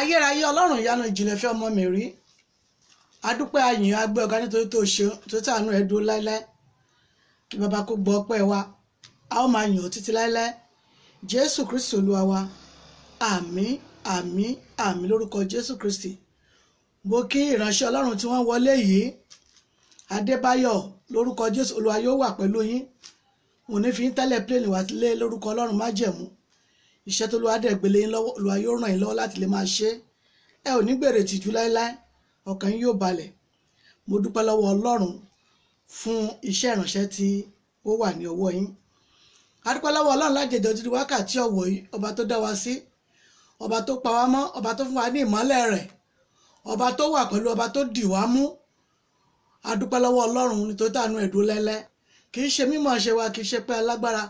ayérayé ọlọ́run ìyanu ìjìnlẹ̀ fẹ́ ọmọ mi rí adúpẹ́ ayìn agbẹ́ ọ̀gá nítorí tó ṣe tó tàánú ẹ̀ dúró láéláé kí bàbá kó gbọ́ ọpẹ́ wa a ó máa yàn ọ́ títí láéláé jésù kristi olúwa wa àmín àmín àmín lórúkọ jésù kristi mo kí ìránṣẹ́ ọlọ́run tí wọ́n wọlé yìí adébáyọ̀ lórúkọ jésù olúwa yóò wà pẹ̀lú yín òní fi ń tẹ́lẹ̀ pléènì wá lé lórúkọ ọlọ́run májẹ̀mú iṣẹ́ tó lọ́wọ́ adẹ́gbélé yín lọ́wọ́ lọ́wọ́ yóò ràn yín lọ́wọ́ láti lè máa ṣe é ẹ ò ní gbèrè tìjú láéláé ọkàn yín yóò balẹ̀ mo dúpẹ́ lọ́wọ́ ọlọ́run fún iṣẹ́ ìránṣẹ́ tí ó wà ní ọwọ́ yín a lọ́wọ́ ọlọ́run lájẹjọ ti wákàtí ọ̀wọ̀ yìí ọba tó dá wa sí ọba tó pa wá mọ́ ọba tó fún wa ní ìmọ́lẹ̀ rẹ̀ ọba tó wà pẹ̀lú ọba tó dì wá mú a dúpẹ́ lọ́wọ́ ọlọ́run nítorí tàánú ẹ̀dúró lẹ́lẹ́ kì í ṣe mímọ̀ ṣe wa kì í ṣe pé alágbára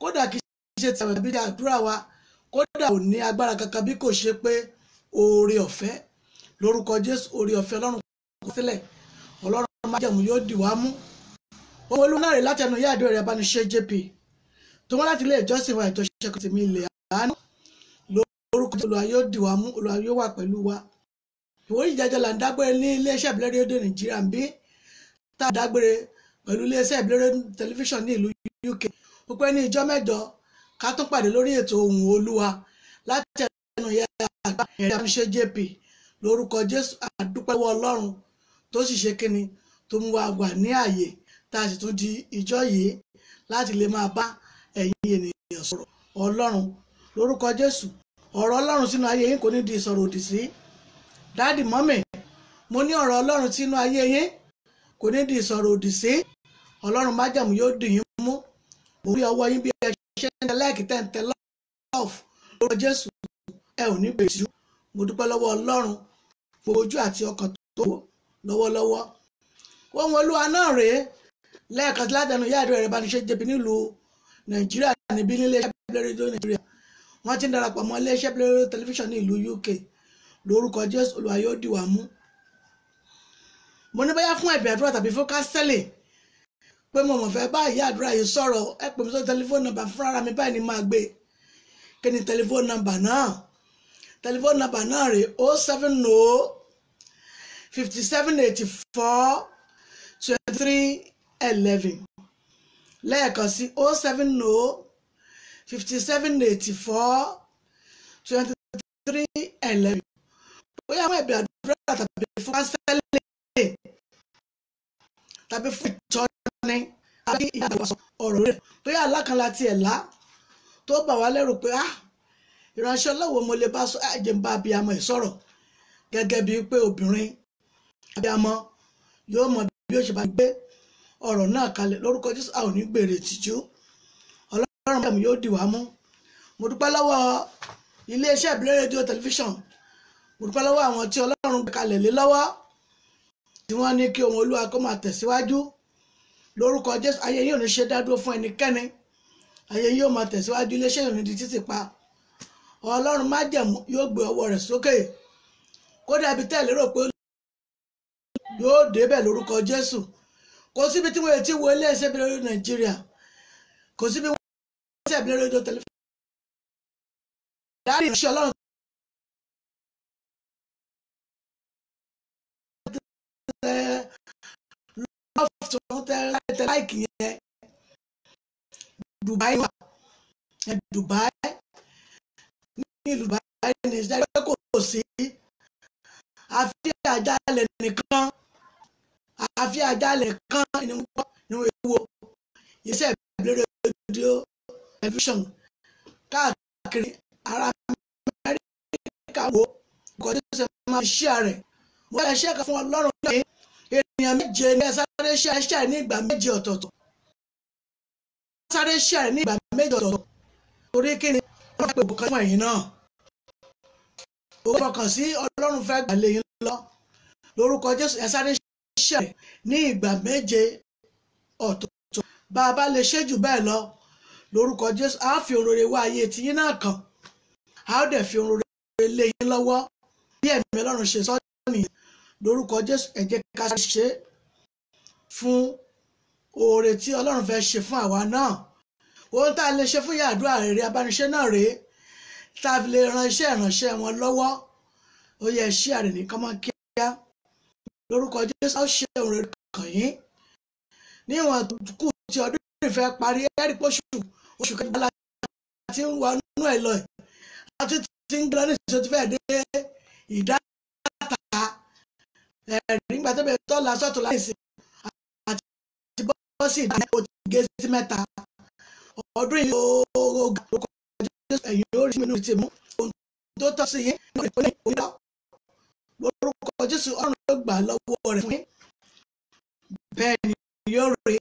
kódà kì í ṣe tẹ̀wẹ̀ àdúrà wa kódà ò ní agbára kankan bí kò ṣe pé oore ọ̀fẹ́ lórúkọ Jésù oore ọ̀fẹ́ ọlọ́run kò sílẹ̀ ọlọ́run májẹ̀mú yóò dì wá mú ohun olùwárẹ̀ láti ẹnu yá àdúrà bá ní ṣe jp tó wọ́n láti ilé ìjọsìn wa ìjọṣẹ́ kan tèmi ilẹ̀ àánú lórúkọ Jésù olúwa yóò dì wá mú olúwa yóò wà pẹ̀lú wa ìwé ìjàjà là ń dágbére ní iléeṣẹ́ ìbílẹ̀ rédíò nàìjíríà ń bí tá dágbére pẹ̀lú iléeṣẹ́ ìbílẹ̀ tẹlifíṣàn ní ìlú UK ó pẹ́ ní ìjọ́ mẹ́jọ ká tún pàdé lórí ètò ohùn olúwa láti ẹnu ìyá àgbà ẹ̀rí àtúnṣe jp lórúkọ jésù àdúpẹ́wọ́ ọlọ́run tó sì ṣe kíni tó mú wa wà ní àyè tá a sì tún di ìjọ yìí láti lè máa bá ẹ̀yin ènìyàn sọ̀rọ̀ ọlọ́run lórúkọ jésù ọ̀rọ̀ ọlọ́run sínú ayé yín kò ní di ìsọ̀rọ̀ òdì sí dáàdì mọ́mì mo ní ọ̀rọ̀ ọlọ́run sínú ayé yín kò ní di ìsọ̀rọ̀ òdì sí ọlọ́run májàmú yóò dì yín mú òun rí ọwọ́ yín bí ẹ ṣe ń tẹ́lẹ̀kì tẹ́ ń tẹ́ lọ́ọ̀fù lórúkọ Jésù ẹ ò ní pèsè mo dúpẹ́ lọ́wọ́ Ọlọ́run gbogbo ojú àti ọkàn tó lọ́wọ́lọ́wọ́ ohun Olúwa náà rèé lẹ́ẹ̀kan látẹnu ìyá àdúrà rẹ̀ bá ní ṣe jẹ̀bi nílùú Nàìjíríà níbí nílé iṣẹ́ Bílẹ̀ rédíò Nàìjíríà wọ́n ti ń darapọ̀ mọ́ ilé iṣẹ́ Bílẹ̀ rédíò tẹlifíṣàn ní ìlú UK lórúkọ Jésù Olúwa yóò dìwà mú mo ní bóyá fún ẹ̀bẹ̀ àdúrà tàbí fún kánsẹ́lì 0244 pé mo mọ̀ fẹ́ bá ìyá àdúrà yìí sọ̀rọ̀ ẹ pè mí sọ tẹlifóònù nọ́mbà fúnra ara mi báyìí ni máa gbé kí ni tẹlifóònù nọ́mbà náà tẹlifóònù nọ́mbà náà rè o oh seven o fifty seven eighty four twenty three eleven lẹ́ẹ̀kan sí o oh seven o fifty seven eighty four twenty three eleven bóyá àwọn ẹ̀bẹ̀ àdúrà tàbí fún pásítẹ́lì tàbí fún ìtọ́jú ní alábí ìyá àgbà sọ ọ̀rọ̀ rẹ̀ tó yà alákanlá tiẹ̀ lá tó bà wá lẹ́rù pé ah ìránṣẹ́ ọlọ́wọ́ mo lè bá sọ ẹ̀jẹ̀ ah, ń bá abiyamọ ẹ̀ sọ̀rọ̀ gẹ́gẹ́ bíi pé obìnrin abiyamọ yóò mọ bí ó ṣe bá gbé ọ̀rọ̀ náà kalẹ̀ lórúkọ Jésù a ò ní gbèrè tìjú ọlọ́run mọ̀ yóò dì wá mú mo dúpẹ́ lọ́wọ́ iléeṣẹ́ ìbílẹ̀ rédíò tẹlifíṣàn mo dúpẹ́ lọ́wọ́ àwọn tí ọlọ́run gbé kalẹ̀ lé lọ́wọ́ tí wọ́n ní kí ohun olúwa kó máa tẹ̀síwájú lórúkọ jésù ayé yìí ò ní ṣe dádúró fún ẹnikẹ́ni ayé yìí ò máa tẹ̀síwájú iléeṣẹ́ yìí ò ní di títì pa ọlọ́run májẹ̀mú yóò gbé ọwọ́ rẹ̀ sókè kódà ibi tẹ́ lérò pé yóò débẹ̀ lórúkọ jésù kò síbi tí wọ́n ti wo iléeṣẹ́ bí lórí nàìjíríà kò síbi wọ́n ti wo iléeṣẹ́ bí lórí rédíò tẹlifíṣàn dárí ìránṣẹ́ ọlọ́run tó tẹ láìkì yẹn Dubai wà ẹ eh, Dubai ní Dubai ní ìṣẹ́gbẹ́ kò sí àfi àjálẹ̀ nìkan àfi àjálẹ̀ kan ni wọ́n wo iṣẹ́ ìbílẹ̀ rédíò tẹlifíṣàn káàkiri ara Amẹ́ríkà wo nǹkan tó ṣe máa ṣí ààrẹ mo fẹ́ ṣe é kan fún Ọlọ́run pé èèyàn méje ní sáré ṣáṣá ní ìgbà méje ọ̀tọ̀ọ̀tọ̀ sáré ṣáà ní ìgbà méje ọ̀tọ̀ọ̀tọ̀ torí kí ni wọ́n pè bùkọ́ fún ẹ̀yìn náà òun fọkàn sí ọlọ́run fẹ́ gbà lẹ́yìn lọ lórúkọ jésù ẹ sáré ṣáà ní ìgbà méje ọ̀tọ̀ọ̀tọ̀ bá a bá lè ṣe jù bẹ́ẹ̀ lọ lórúkọ jésù á fi òróró wá ayé tiyín náà kàn á dẹ̀ fi òróró lé yín lọ́wọ́ bí ẹ̀mí ọlọ́run ṣe sọ́ọ́ nìyẹn lórúkọ Jésù ẹ jẹ́ ká ṣe fún oore tí Ọlọ́run fẹ́ ṣe fún àwa náà ohun tá a lè ṣe fún yàdúrà rere abániṣẹ́ náà rèé tá a fi lè ran iṣẹ́ ìránṣẹ́ wọn lọ́wọ́ ó yẹ ṣí àrè nìkan mọ́ kíá lórúkọ Jésù ó ṣe òun rere kàn yín níwọ̀n kù tí ọdún ìfẹ́ parí ẹ̀rí pọ̀ṣù oṣù kẹjọba láti ń wọnú ẹ̀ lọ àti ti ń gbọ́ ní ìṣòtúfẹ́ dé ìdá lẹ́rìn gbà tó bẹ̀rẹ̀ tó la sọ́tò láìsí àti bọ́ sí ìdáná o ti gé sí mẹ́ta ọdún yìí ó ga orúkọ jésù ẹ̀yìn ó rí mi nù ti mú ohun tó tọ́ sí yín ní ìpínlẹ̀ òyìnbó orúkọ jésù ọ̀run ló gbà lọ́wọ́ rẹ̀ fún yín bẹ́ẹ̀ ni yóò rí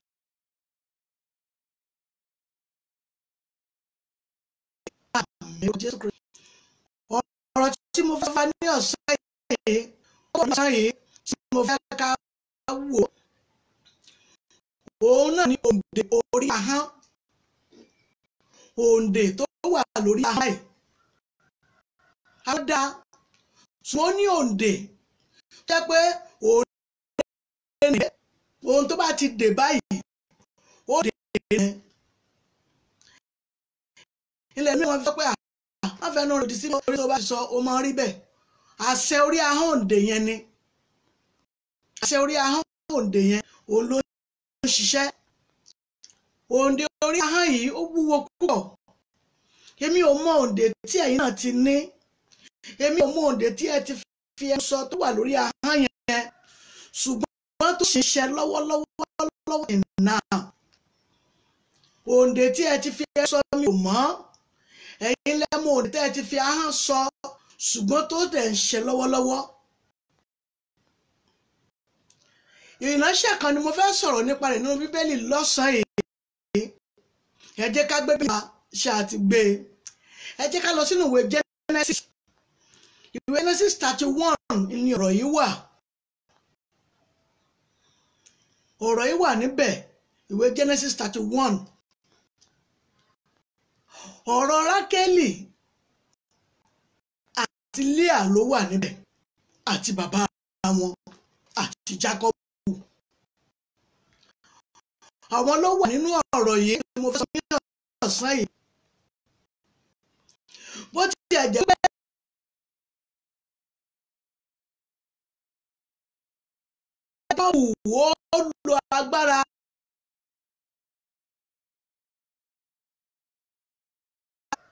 àmì jésù kristu ọ̀rọ̀ tí mo fẹ́ fa ní ọ̀sán yìí ọ̀sán yìí tí mo fẹ́ ká wò òun náà ni òǹdè orí ahọ́n òǹdè tó wà lórí ahọ́n ẹ̀ ahọ́n dá ṣùgbọ́n ní òǹdè jẹ́ pé òǹdè nìyẹn ohun tó bá ti dè báyìí ó dè nìyẹn ilẹ̀ mi wọ́n fi sọ pé àwọn afẹnuròdì sí orí tó bá sọ ó rí bẹ́ẹ̀ àṣẹ orí ahọ́n òǹdè yẹn ni àṣẹ orí ahọ́n òǹdè yẹn òun ló ń ṣiṣẹ́ òǹdè orí ahọ́n yìí ó wúwo púpọ̀ èmi ò mọ òǹdè tí ẹ̀yin náà ti ní èmi ò mọ òǹdè tí ẹ ti fi ẹnu sọ tó wà lórí ahọ́n yẹn ṣùgbọ́n tó ṣiṣẹ́ lọ́wọ́lọ́wọ́ ìnáà òǹdè tí ẹ ti fi ẹnu sọ mi ò mọ́ ẹ̀yin lẹ́mọ òǹdè tí ẹ ti fi ahọ́n sọ ṣùgbọ́n tó tẹ̀ ń ṣe lọ́wọ́lọ́wọ́. ìránṣẹ́ kan ni mo fẹ́ sọ̀rọ̀ nípa rẹ̀ nínú bíbélì lọ́sàn-án èyí ẹ jẹ́ ká gbé bí ṣe àti gbé ẹ jẹ́ ká lọ sínú ìwé Genesis ìwé Genesis thirty one ni ọ̀rọ̀ yìí wà ọ̀rọ̀ yìí wà níbẹ̀ ìwé Genesis thirty one ọ̀rọ̀ Rákélì àti Líà ló wà níbẹ̀ àti bàbá wọn àti Jacob àwọn ló wà nínú ọ̀rọ̀ yìí tí mo fẹ́ sọ ní ọ̀sán yìí. bó ti ẹ̀jẹ̀ pé. ẹgbẹ́ wù ó lo agbára.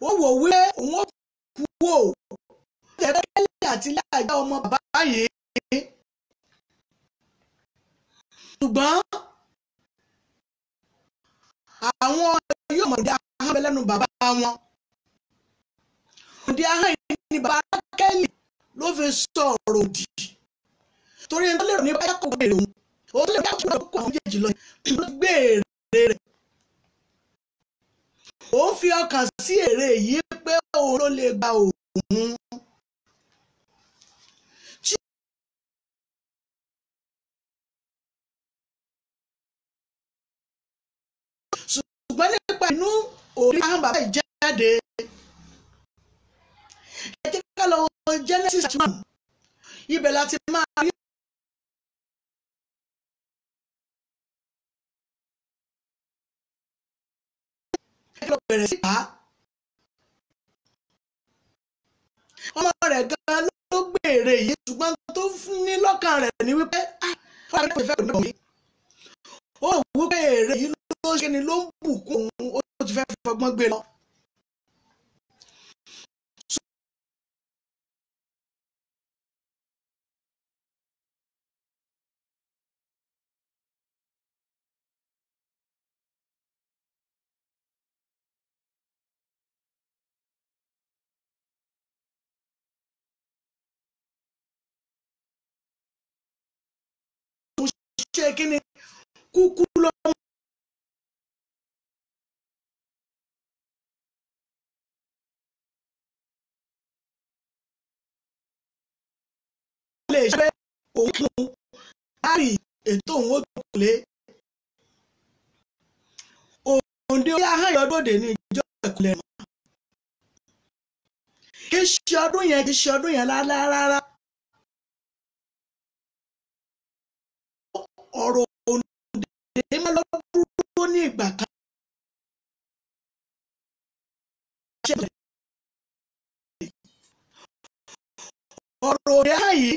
ó wò wí pé òun ó kú wò ó. ó àti ilé ọmọ bàbá yìí. ṣùgbọ́n àwọn yóò mọ̀ dé ahọ́n lẹ́nu bàbá wọn. òde ahọ́n yìí ni bàbá alákẹ́lì ló fi sọ ọ̀rọ̀ òdì torí ẹni tó lè rò nípa yàkọ̀ béèrè òun òun lè yàkọ̀ béèrè òkú àwọn méjèèjì lọ ló gbé rẹ̀. òun fi ọkàn sí èrè yìí pé òun ló lè gba òun ṣùgbọ́n nípa inú orí àwọn bàbá ìjáde ẹ jẹ́ ká lọ Genesis one ibẹ̀ láti máa rí. bẹ̀rẹ̀ sí pa ọmọ rẹ̀ gan-an ló gbèrè yìí ṣùgbọ́n tó fún ní lọ́kàn rẹ̀ ni wípé ah fún fẹ́ kò ní bọ̀ yìí ó wú pé èrè yìí ló ṣe ni ló ń bùkún òun ó ti fẹ́ fọgbọ́n gbé lọ. ṣe kíni kúkú ló mú. lè ṣe òun mú láàrin ètò òun ó dùnkùlé. òǹdè orí ahányọdọ̀dẹ̀ ní ìjọ ẹ̀kúnlẹ̀ mọ́. kì í ṣe ọdún yẹn kì í ṣe ọdún yẹn rárá rárá. ọ̀rọ̀ Adémọ́lá dúró ní ìgbà kan rí nígbà tí àṣẹ ìjọba Nàìjíríà ọ̀rọ̀ Yorùbá yìí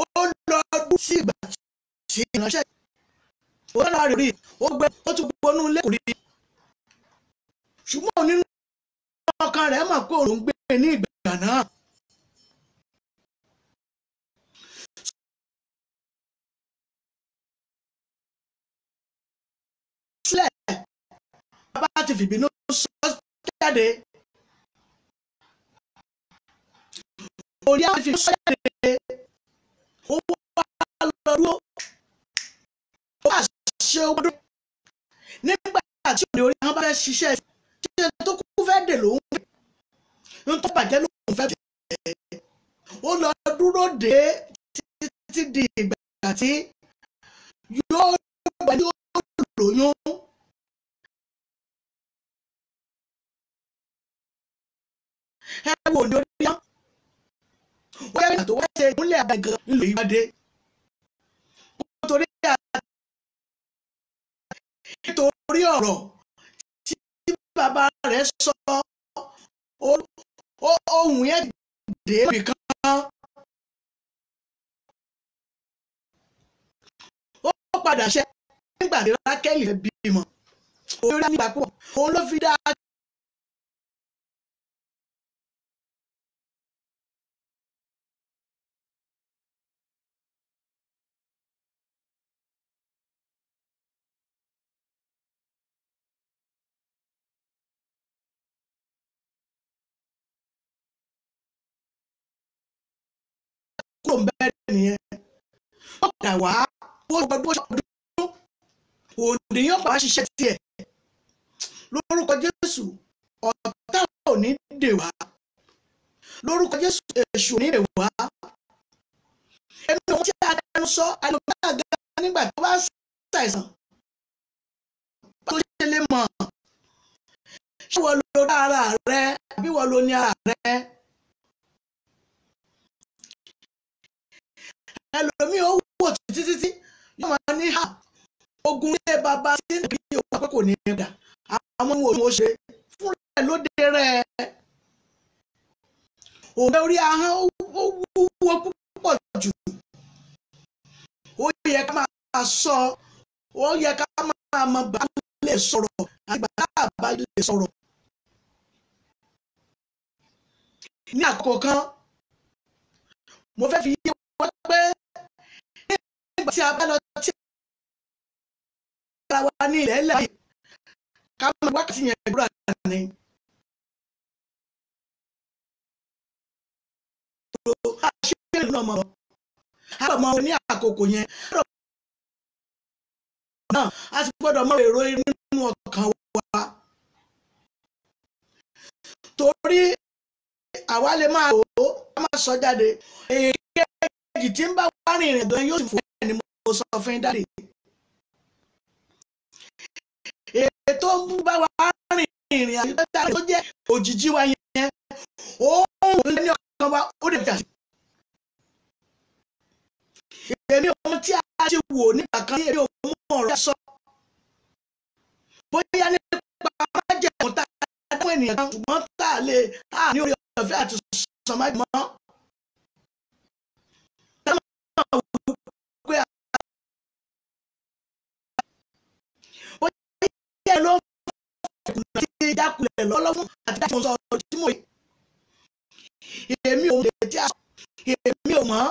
ó lọ dúró sí ìgbà tí ìránṣẹ́ òun náà rí ó gbẹ ó tún gbónú ilé kò rí ṣùgbọ́n nínú ọkàn rẹ̀ mọ̀ pé òun gbé ní ìgbà náà. bá ti fìbínú sọ jáde òní àti fìbínú sọ jáde owó alọ́dúró owó àṣẹ nígbà tí òní orí àwọn bá fẹ́ ṣiṣẹ́ ṣiṣẹ́ tó kú fẹ́ dè lòún fẹ́ ń tó bàjẹ́ lòún fẹ́ bẹ̀rẹ̀ ó lọ dúró dé títí di ìgbà tí yóò gbà ní olóyún. ẹ wo òǹdó rí yán ó yẹ nígbà tó wá ṣe ìmúlẹ̀ àgbàgàn ńlò ìwádé nítorí nítorí ọ̀rọ̀ tí bàbá rẹ̀ sọ ohun yẹn dé nìkan. ó padà ṣe nígbà tí rákẹ́lì bímọ orí nígbà púpọ̀ òun ló fi dáa ó padà wá bó bó ṣọdún òní yóò padà ṣiṣẹ́ tiẹ̀ lórúkọ Jésù ọ̀tá ò ní dè wá lórúkọ Jésù èṣù ní dè wá ẹnu ohun tí a dẹnu sọ àlùbáà gan nígbà tó bá ṣàìsàn tó ṣe lè mọ̀ ṣé wọ́n lo ara rẹ àbí wọ́n lo ní ara rẹ. ẹlòmíì ó wò títí títí yóò máa ní ha. ogun ilé bàbá tí ń bí òun pé kò ní í gbà àwọn ohun òun ṣe fúnra ẹ ló dé rẹ òun orí ahọ́n ó wúwo púpọ̀ jù ó yẹ ká máa sọ ó yẹ ká máa mọ bá lè sọ̀rọ̀ àgbà bá lè sọ̀rọ̀ ní àkókò kan mo fẹ́ fi yé wọ́n pé nígbà tí a bá lọ tí ara wa ní ilẹ̀ ẹlẹ́ yìí ká mọ wákàtí yẹn gbúra ni. aṣọ́yẹ̀lẹ̀ náà mọ̀ a a sì gbọ́dọ̀ mọ èrò inú ọkàn wa. torí àwa lè máa rò ó ká má sọ jáde èyí mo sọ fún dáre ètò ń bú bá wa rìn ìrìn àjò dáre tó jẹ́ òjijì wa yẹn ó ń wò lẹ́ni ọkàn wa ó lè jà sí. èmi ohun tí a ti wò nígbà kan ní èmi ò mú ọ̀rọ̀ sọ bóyá nípa májẹ̀mú tá a dá fún ènìyàn kan ṣùgbọ́n tá a lè a ní orí ọ̀fẹ́ àti sọ̀mọ́ ìkùnà tí jákulẹ̀ lọ́lọ́mú àti dájú sọ ọ̀rọ̀ tí mò ń èmi ò lè tí a èmi ò mọ̀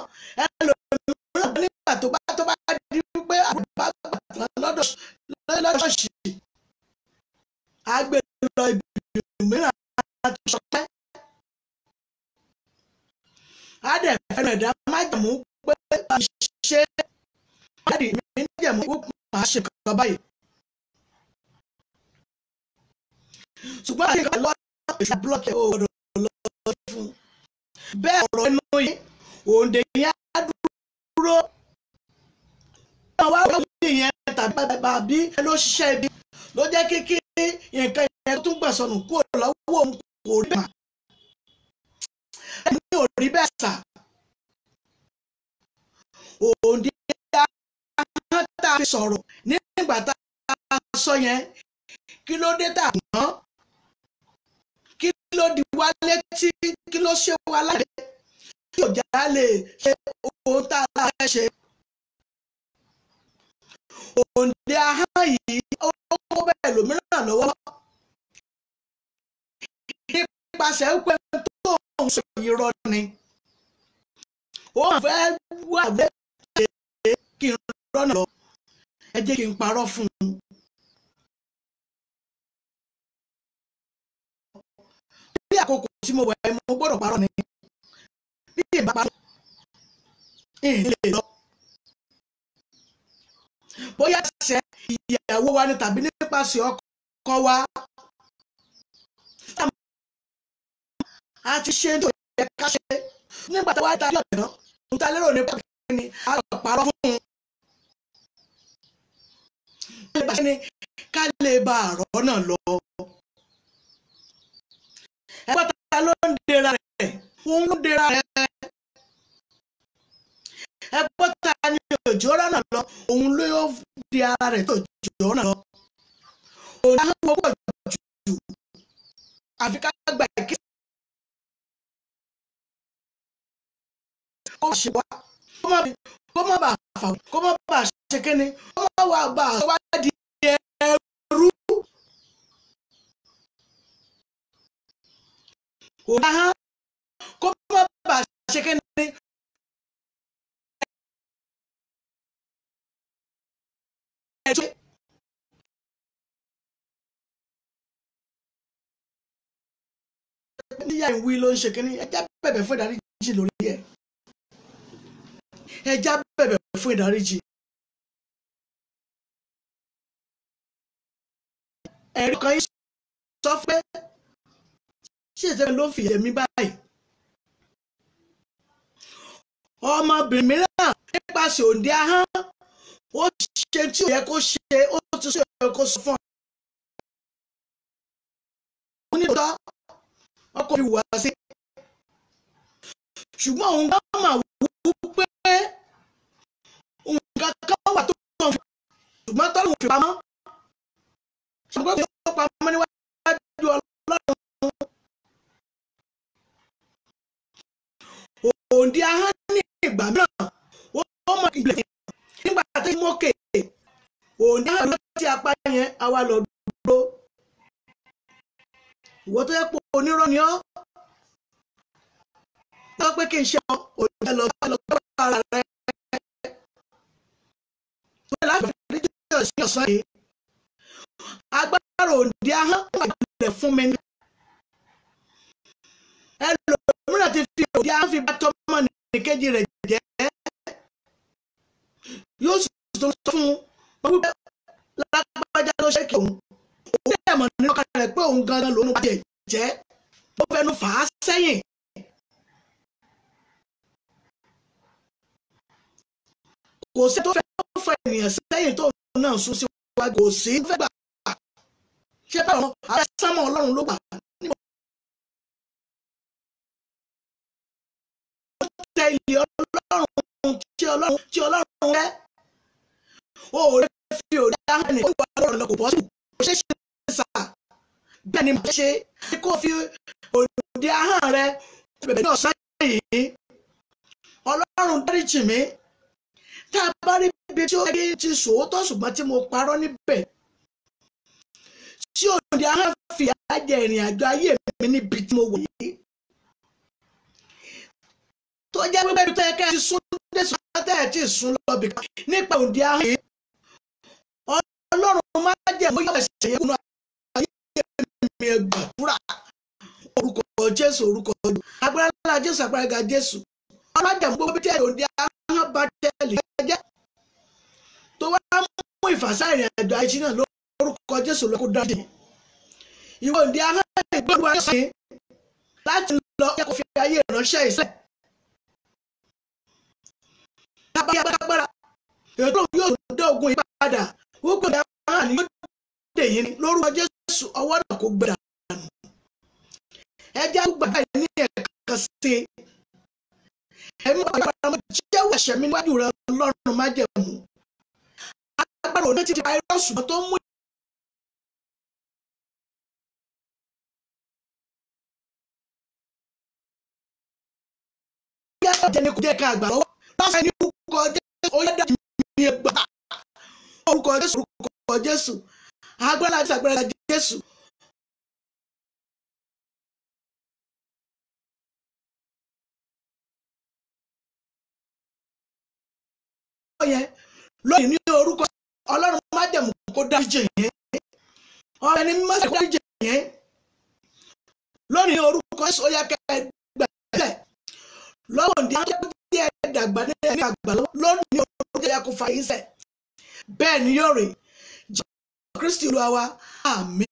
ẹlòmíràn nígbà tó bá tó bá di wípé àwọn bá tán lọ́dọ̀ lọ́ṣì àgbẹ̀ e lọ ìbìrì mìíràn àti sọpẹ́ adẹ̀ fẹ́ràn ẹ̀dá májàmú pé bá mi ṣe é ọ̀rẹ́dì mi níjẹ̀mú púpọ̀ máa ṣe nǹkan báyìí. ṣùgbọ́n àti ìkàlọ́ ìṣà blọọkì ò gbọdọ̀ lọ fún bẹ́ẹ̀ ọ̀rọ̀ inú yìí òǹdè yẹn á dúró náà wá wọ́n ní ìyẹn tàbí bàbí ló ṣiṣẹ́ ibi ló jẹ́ kí kí nǹkan ìyẹn tún gbẹ̀sọ̀nù kúrò lọ́wọ́ òun kò rí bẹ́ẹ̀ ẹni ò rí bẹ́ẹ̀ sà òǹdè yẹn á tá a fi sọ̀rọ̀ nígbà tá a sọ yẹn kí ló dé tà mọ́ ló di wá létí kí ló ṣe wá láyé kí òjà lè ṣe ohun tá a láyé ṣe. òǹdè ahọ́n yìí ó kó bẹ́ẹ̀ lómìíràn lọ́wọ́. nípasẹ̀ pé tó ń sọ irọ́ ni ó fẹ́ wà bẹ́ẹ̀ kí n rọ́nà lọ ẹ jẹ́ kí n parọ́ fún un. ní àkókò tí mo wà ẹ mo gbọ́dọ̀ parọ́ ni bí ìbá parọ́ ìhìn lè lọ. bóyá ṣe ìyàwó wa ni tàbí nípasẹ̀ ọkọ wa a ti ṣe ní òye ká ṣe nígbà tí wàá dájọ́ ìdáná ń ta lérò nípa kí ni a lọ parọ́ fún un. ká lè bá a rọ́ náà lọ ta ló ń dera rẹ̀ òun ló ń dera rẹ̀ ẹ bọ́ ta ni òjò rọ́nà lọ òun ló yóò di ara rẹ̀ tó òjò rọ́nà lọ òun ló wọ́ pọ̀ jù àfi ká gba ìkí. kó ṣe wá kó má bàa fà kó má bàa ṣe kíni kó má wàá bàa sọ wá di kò bá hán kó má bàa ṣe kéde. níyà ìwí ló ń ṣe kínní ẹjá bẹ̀bẹ̀ fún ìdáríjì lórí ẹ̀ ẹjá bẹ̀bẹ̀ fún ìdáríjì. ẹ̀rí kan yìí sọ pé ṣé ìṣẹ́ ló fìyẹ mi báyìí. ọmọbìnrin mìíràn nípasẹ̀ òǹdí ahọ́n ó ṣe tí ò yẹ kó ṣe ó tún sí òye kó sọ fún ọ. òun ní ìtọ́ ọkọ̀ ìwà sí. ṣùgbọ́n òun gbọ́ máa wú pé òun kankan wà tó ń fi ṣùgbọ́n tọ́lù fi pamọ́. ṣùgbọ́n tó pamọ́ níwájú ọlọ́run. òǹdí ahọ́n ní ìgbà mìíràn ó mọ ìgbìlẹ̀ nígbà tó ti mókè òǹdí ahọ́n ló ti apá yẹn àwa lọ dúró ìwọ tó yẹ pé onírọ́ ni ọ́ sọ pé kí n ṣe ọ òjò lọ bá lọ bá ara rẹ tó yẹ láti fi dídí ọ̀sán ọ̀sán yìí agbára òǹdí ahọ́n wà lẹ̀ fún mi ní ẹlòmíràn ti òbí á fi bá tọ́mọ̀ nìkejì rẹ̀ jẹ́ yóò sì tó sọ fún wọn wípé lápájá ló ṣèkì òun òun dẹ̀ mọ̀ nínú ọkàn rẹ̀ pé òun gangan lòun bá jẹ̀ jẹ́ ó fẹnu fà á sẹ́yìn. kò sí tó fẹ́ fọ ènìyàn sẹ́yìn tó náà sún síwájú kò sí fẹ́ gbà ṣé báwọn abẹ́sánmọ́ ọlọ́run ló gbà ilé ọlọ́run tí ọlọ́run tí ọlọ́run rẹ o ò rẹ fi òde ahọ́n ẹ̀ wà lọ́rọ̀ lọ́kọ̀ bọ́sù kò ṣe ṣe sà bẹ́ẹ̀ ni màá ṣe kó fi òde ahọ́n rẹ bẹ̀bẹ̀ ní ọ̀sán yìí ọlọ́run dáríjì mi tá a bá rí ibi tí ó yẹ ti sòótọ́ ṣùgbọ́n tí mo parọ́ níbẹ̀ tí òde ahọ́n fìyà jẹ ìrìn àjò ayé mi níbi tí mo wà yìí tó jẹ́ pé bẹ́ẹ̀ tó yẹ ká ti sún dé sùn látẹ̀ tí ì sún lọ bìkan nípa òde ahé ọlọ́run má jẹ́ mọ́ yọ̀ọ́ ẹ̀sẹ̀ yẹn kúnú ayé mi gbàdúrà orúkọ jésù orúkọ jù agbára ńlá jésù agbára ga jésù ọlọ́run má jẹ́ mọ́ gbogbo tẹ̀lé òde ahọ́n bá tẹ̀lé ẹjẹ́ tó wá mú ìfàsá ìrìn àjò àìsí náà lórúkọ jésù lọ́kọ́ dáadé ìwọ òde ahọ́n ìgbẹ́ láti lọ kẹ́kọ̀ọ́ fi ayé ìránṣẹ́ ìṣẹ́ bá yá kápára ètò yóò dá ogun yìí padà ìyá hàn ní yóò dè lórúkọ Jésù ọwọ́ náà kò gbẹ̀dà nù ẹjẹ́ àgbàdá yìí ní ẹ̀ka sí i ẹ̀mí ọ̀yọ́ ara mo jẹ́wọ́ ẹ̀ṣẹ̀ mi níwájú rẹ Ọlọ́run má jẹ̀mú agbára òní ti pa tó mú jẹ́ kó jẹ́ kò jẹ́ ká àgbà lọ́wọ́ lọ́sẹ̀ ní kú orúkọ jésù ó yá dájú ní ẹgbà orúkọ jésù orúkọ jésù agbára jésù agbára jésù. yẹn lónìí ní orúkọ ọlọ́run májẹ̀mú kó dáríjì yẹn ọ̀rẹ́ ni mímọ́ sí kó dáríjì yẹn lónìí ní orúkọ jésù ó yá kẹ́ ẹ gbẹ̀lẹ̀ lọ́wọ́ òǹdí ní ẹ̀ dàgbà ní ẹ̀ ní àgbà lónìí orúkọ ẹ̀yà kò fà yín sẹ̀ bẹ́ẹ̀ ni yóò rí jọ́ọ́ kristi olúwa wa àmín.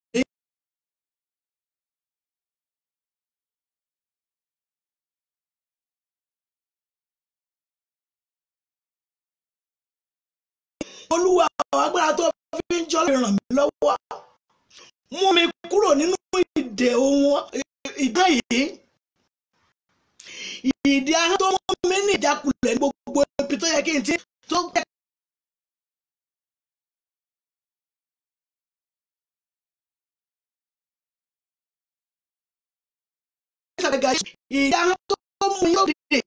olúwa agbára tó fi ń jọ ràn mí lọ́wọ́ mú mi kúrò nínú ìdè ohun ìdán yìí ìdí ahọ́n tó mú mi ní ìjákulẹ̀ gbogbo ibi tó yẹ kí n ti tó yẹ ṣàgbéga ìdí ahọ́n mú yóò dìde.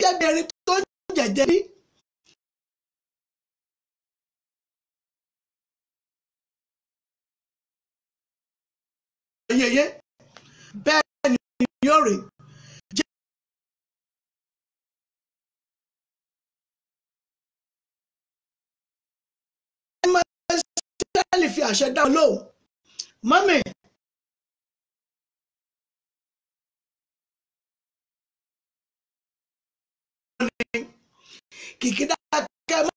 jẹ́bi tó ń jẹ̀jẹ̀ ayé yẹn bẹ́ẹ̀ ni yóò rè jẹ́ mọ́sẹ́lì fi àṣẹ dá wọn lóhùn mọ́mì. kìkìdá kẹ́ mọ́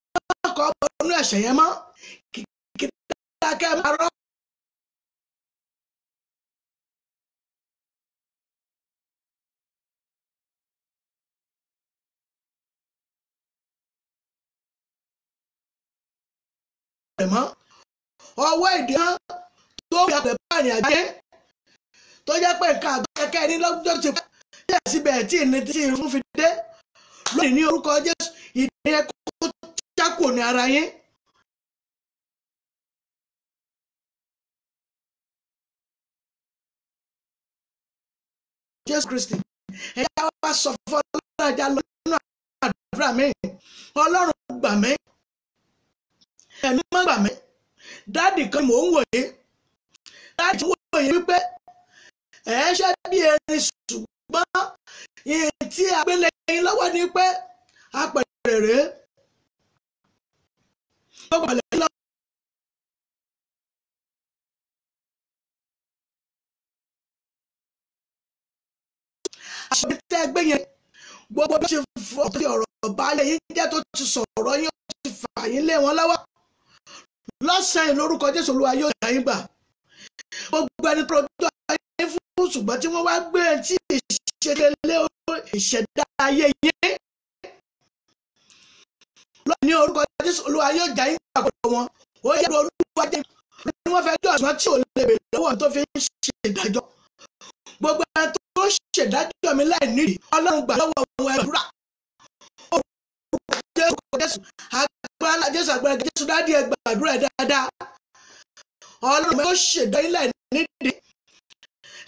kọ́ ọ́ bọ́nú ẹ̀ṣẹ̀ yẹn mọ́ kìkìdá kẹ́ mọ́ arọ́. rẹ̀ mọ́ ọwọ́ èdè hàn tó ń gbàgbẹ́ báyìí àgbáyé tó jẹ́ pé nǹkan àgbẹ̀kẹ́ ní lọ́jọ́ ti pẹ́ díẹ̀ síbẹ̀ tí ìní ìrún fi dé lónìí ní orúkọ Jésù ìdíyẹ kó jákò ní ara yín. Jésù Kristi ẹ̀yà wa sọ fún ọlọ́run ajá lọ́nà àdúrà mi ọlọ́run gbà mí ẹ̀mí má gbà mí dáàdì kan mò ń wòye dáàdì tí wọ́n wòye wípé ẹ̀ ń ṣe bí erin ṣùgbọ́n ìyẹn tí agbélé yín lọ́wọ́ ni pé apẹ̀rẹ̀ rèé gbogbo àlẹ́ yín lọ́wọ́. àṣírí tẹ́ ẹ gbé yẹn gbogbo bí wọ́n ṣe fọ́ ti ọ̀rọ̀ baálé yín jẹ́ tó ti sọ̀rọ̀ yín ó ti fà yín lé wọn lọ́wọ́ lọ́sàn yìí lórúkọ jésù olúwa yóò gbà yín gbà gbogbo ẹni tó rọjò ayé fún ṣùgbọ́n tí wọ́n wá gbé tí ìṣẹ̀lẹ̀ ìṣẹ̀dá ayé yẹn lọ́sàn ní orúkọ jésù olúwa yóò gbà yín gbà gbogbo wọn ó yẹ kí olúwa jẹ́ ní wọ́n fẹ́ jọ àṣùwọ̀n tí ò lè bèrè lọ́wọ́ tó fi ń ṣe ìdájọ́ gbogbo ẹni tó ṣèdájọ́ mi láì nídìí ọlọ́run gbà lọ́wọ́ àwọn ẹ̀dúrà jésù jésù agbára jésù agbára jésù dádì ẹ gbàdúrà dáadáa ọlọ́run mi yóò ṣèdá ilẹ̀ nídìí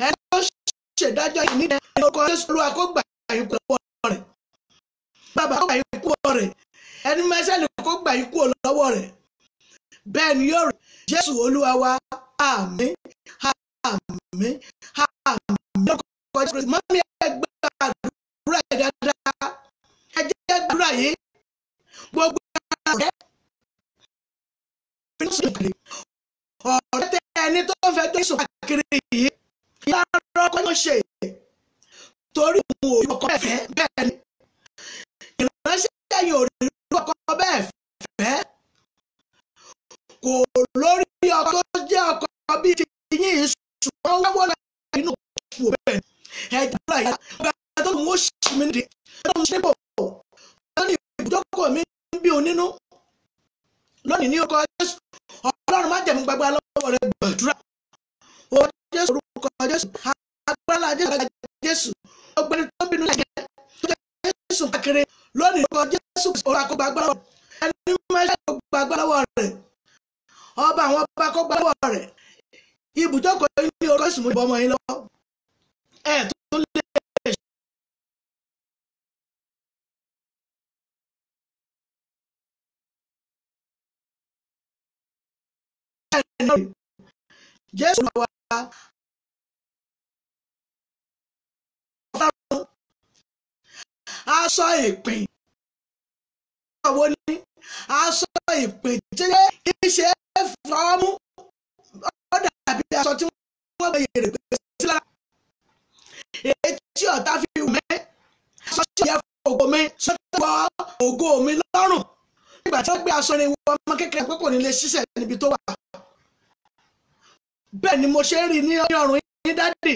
ẹ yóò ṣèdájọ́ yìí nídìí ẹ lórúkọ jésù olúwa kó gbà yín kú lọ́wọ́ rẹ̀ bàbá kó gbà yín kú lọ́wọ́ rẹ̀ ẹni mẹ́sẹ̀lì kó gbà yín kú lọ́wọ́ rẹ̀ bẹ́ẹ̀ ni yóò rí jésù olúwa wa àmín àmín àmín lórúkọ jésù mọ́mí ẹgbẹ́. yìí gbogbo ọ̀rẹ́ ọ̀rẹ́ tẹ ẹni tó ń fẹ́ tó ń sùn káàkiri yìí lárọ́ kọ́ ló ṣe torí òun ò rí ọkọ bẹ́ẹ̀ fẹ́ bẹ́ẹ̀ ni ìránṣẹ́ yìí ò rí ọkọ bẹ́ẹ̀ fẹ́ kò lórí ọkọ tó jẹ́ ọkọ bíi ti yín ṣùgbọ́n wọ́n wọ́n inú oṣù bẹ́ẹ̀ ẹ̀jẹ̀ bọ́lá ìyá ọgbà tó ń wọ́n ṣì mí nídìí tó ń ṣe bò ìjókòó mi ń bí òun nínú lónìí ní orúkọ jésù ọlọ́run má jẹ̀mú gbagba lọ́wọ́ rẹ gbàdúrà o jésù orúkọ jésù agbára jésù agbára jésù ọgbẹni tó ń bínú lẹ́gẹ̀ẹ́ tó jẹ́ jésù kákiri lónìí orúkọ jésù orúkọ àkọ́gbà agbára rẹ ẹni mẹ́sẹ̀ kó gbagba lọ́wọ́ rẹ ọba àwọn ọba kó gbagba lọ́wọ́ rẹ ibùjókòó yín ní orúkọ jésù mo bọ́ ọmọ yín lọ́wọ́ ẹ̀ tó lé bẹ́ẹ̀ náà jésù lọ́wọ́ aṣọ ìpín ọwọ́ ní aṣọ ìpín tí kì í ṣe é fọ́ọ́mù ó dàbí aṣọ tí wọ́n gbé yèrè pé sí lára èyí tí ọ̀tá fi wù mí aṣọ tí yẹ fún ògo mi sọ́tò bọ́ ògo mi lọ́rùn ìgbà tí wọ́n gbé aṣọ irin wọ ọmọ kékeré pé kò ní lè ṣiṣẹ́ níbi tó wà. bẹ́ẹ̀ ni mo ṣe rí ní ọrùn yín dádì.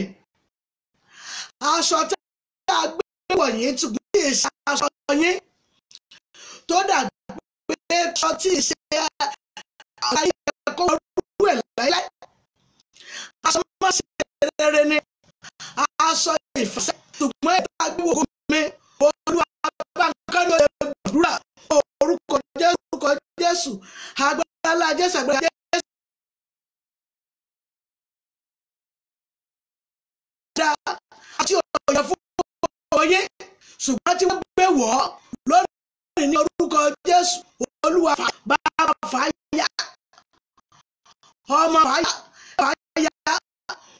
aṣọ tí a gbé wọ̀nyí ti gbé tí ì ṣe aṣọ yín tó dàgbà pé tó tí ì ṣe àyè kó rú ẹ̀ láyé. aṣọ máa ṣe rere ni aṣọ ìfẹsẹ̀ ṣùgbọ́n ìta gbé wò mí olúwa bá ń kọ́ lóye jésù agbára ńlá jésù agbára jésù. àti òye fún òye ṣùgbọ́n tí wọ́n gbé wọ́ lónìí ní orúkọ jésù olúwa bàbá fàáyà ọmọ fàáyà fàáyà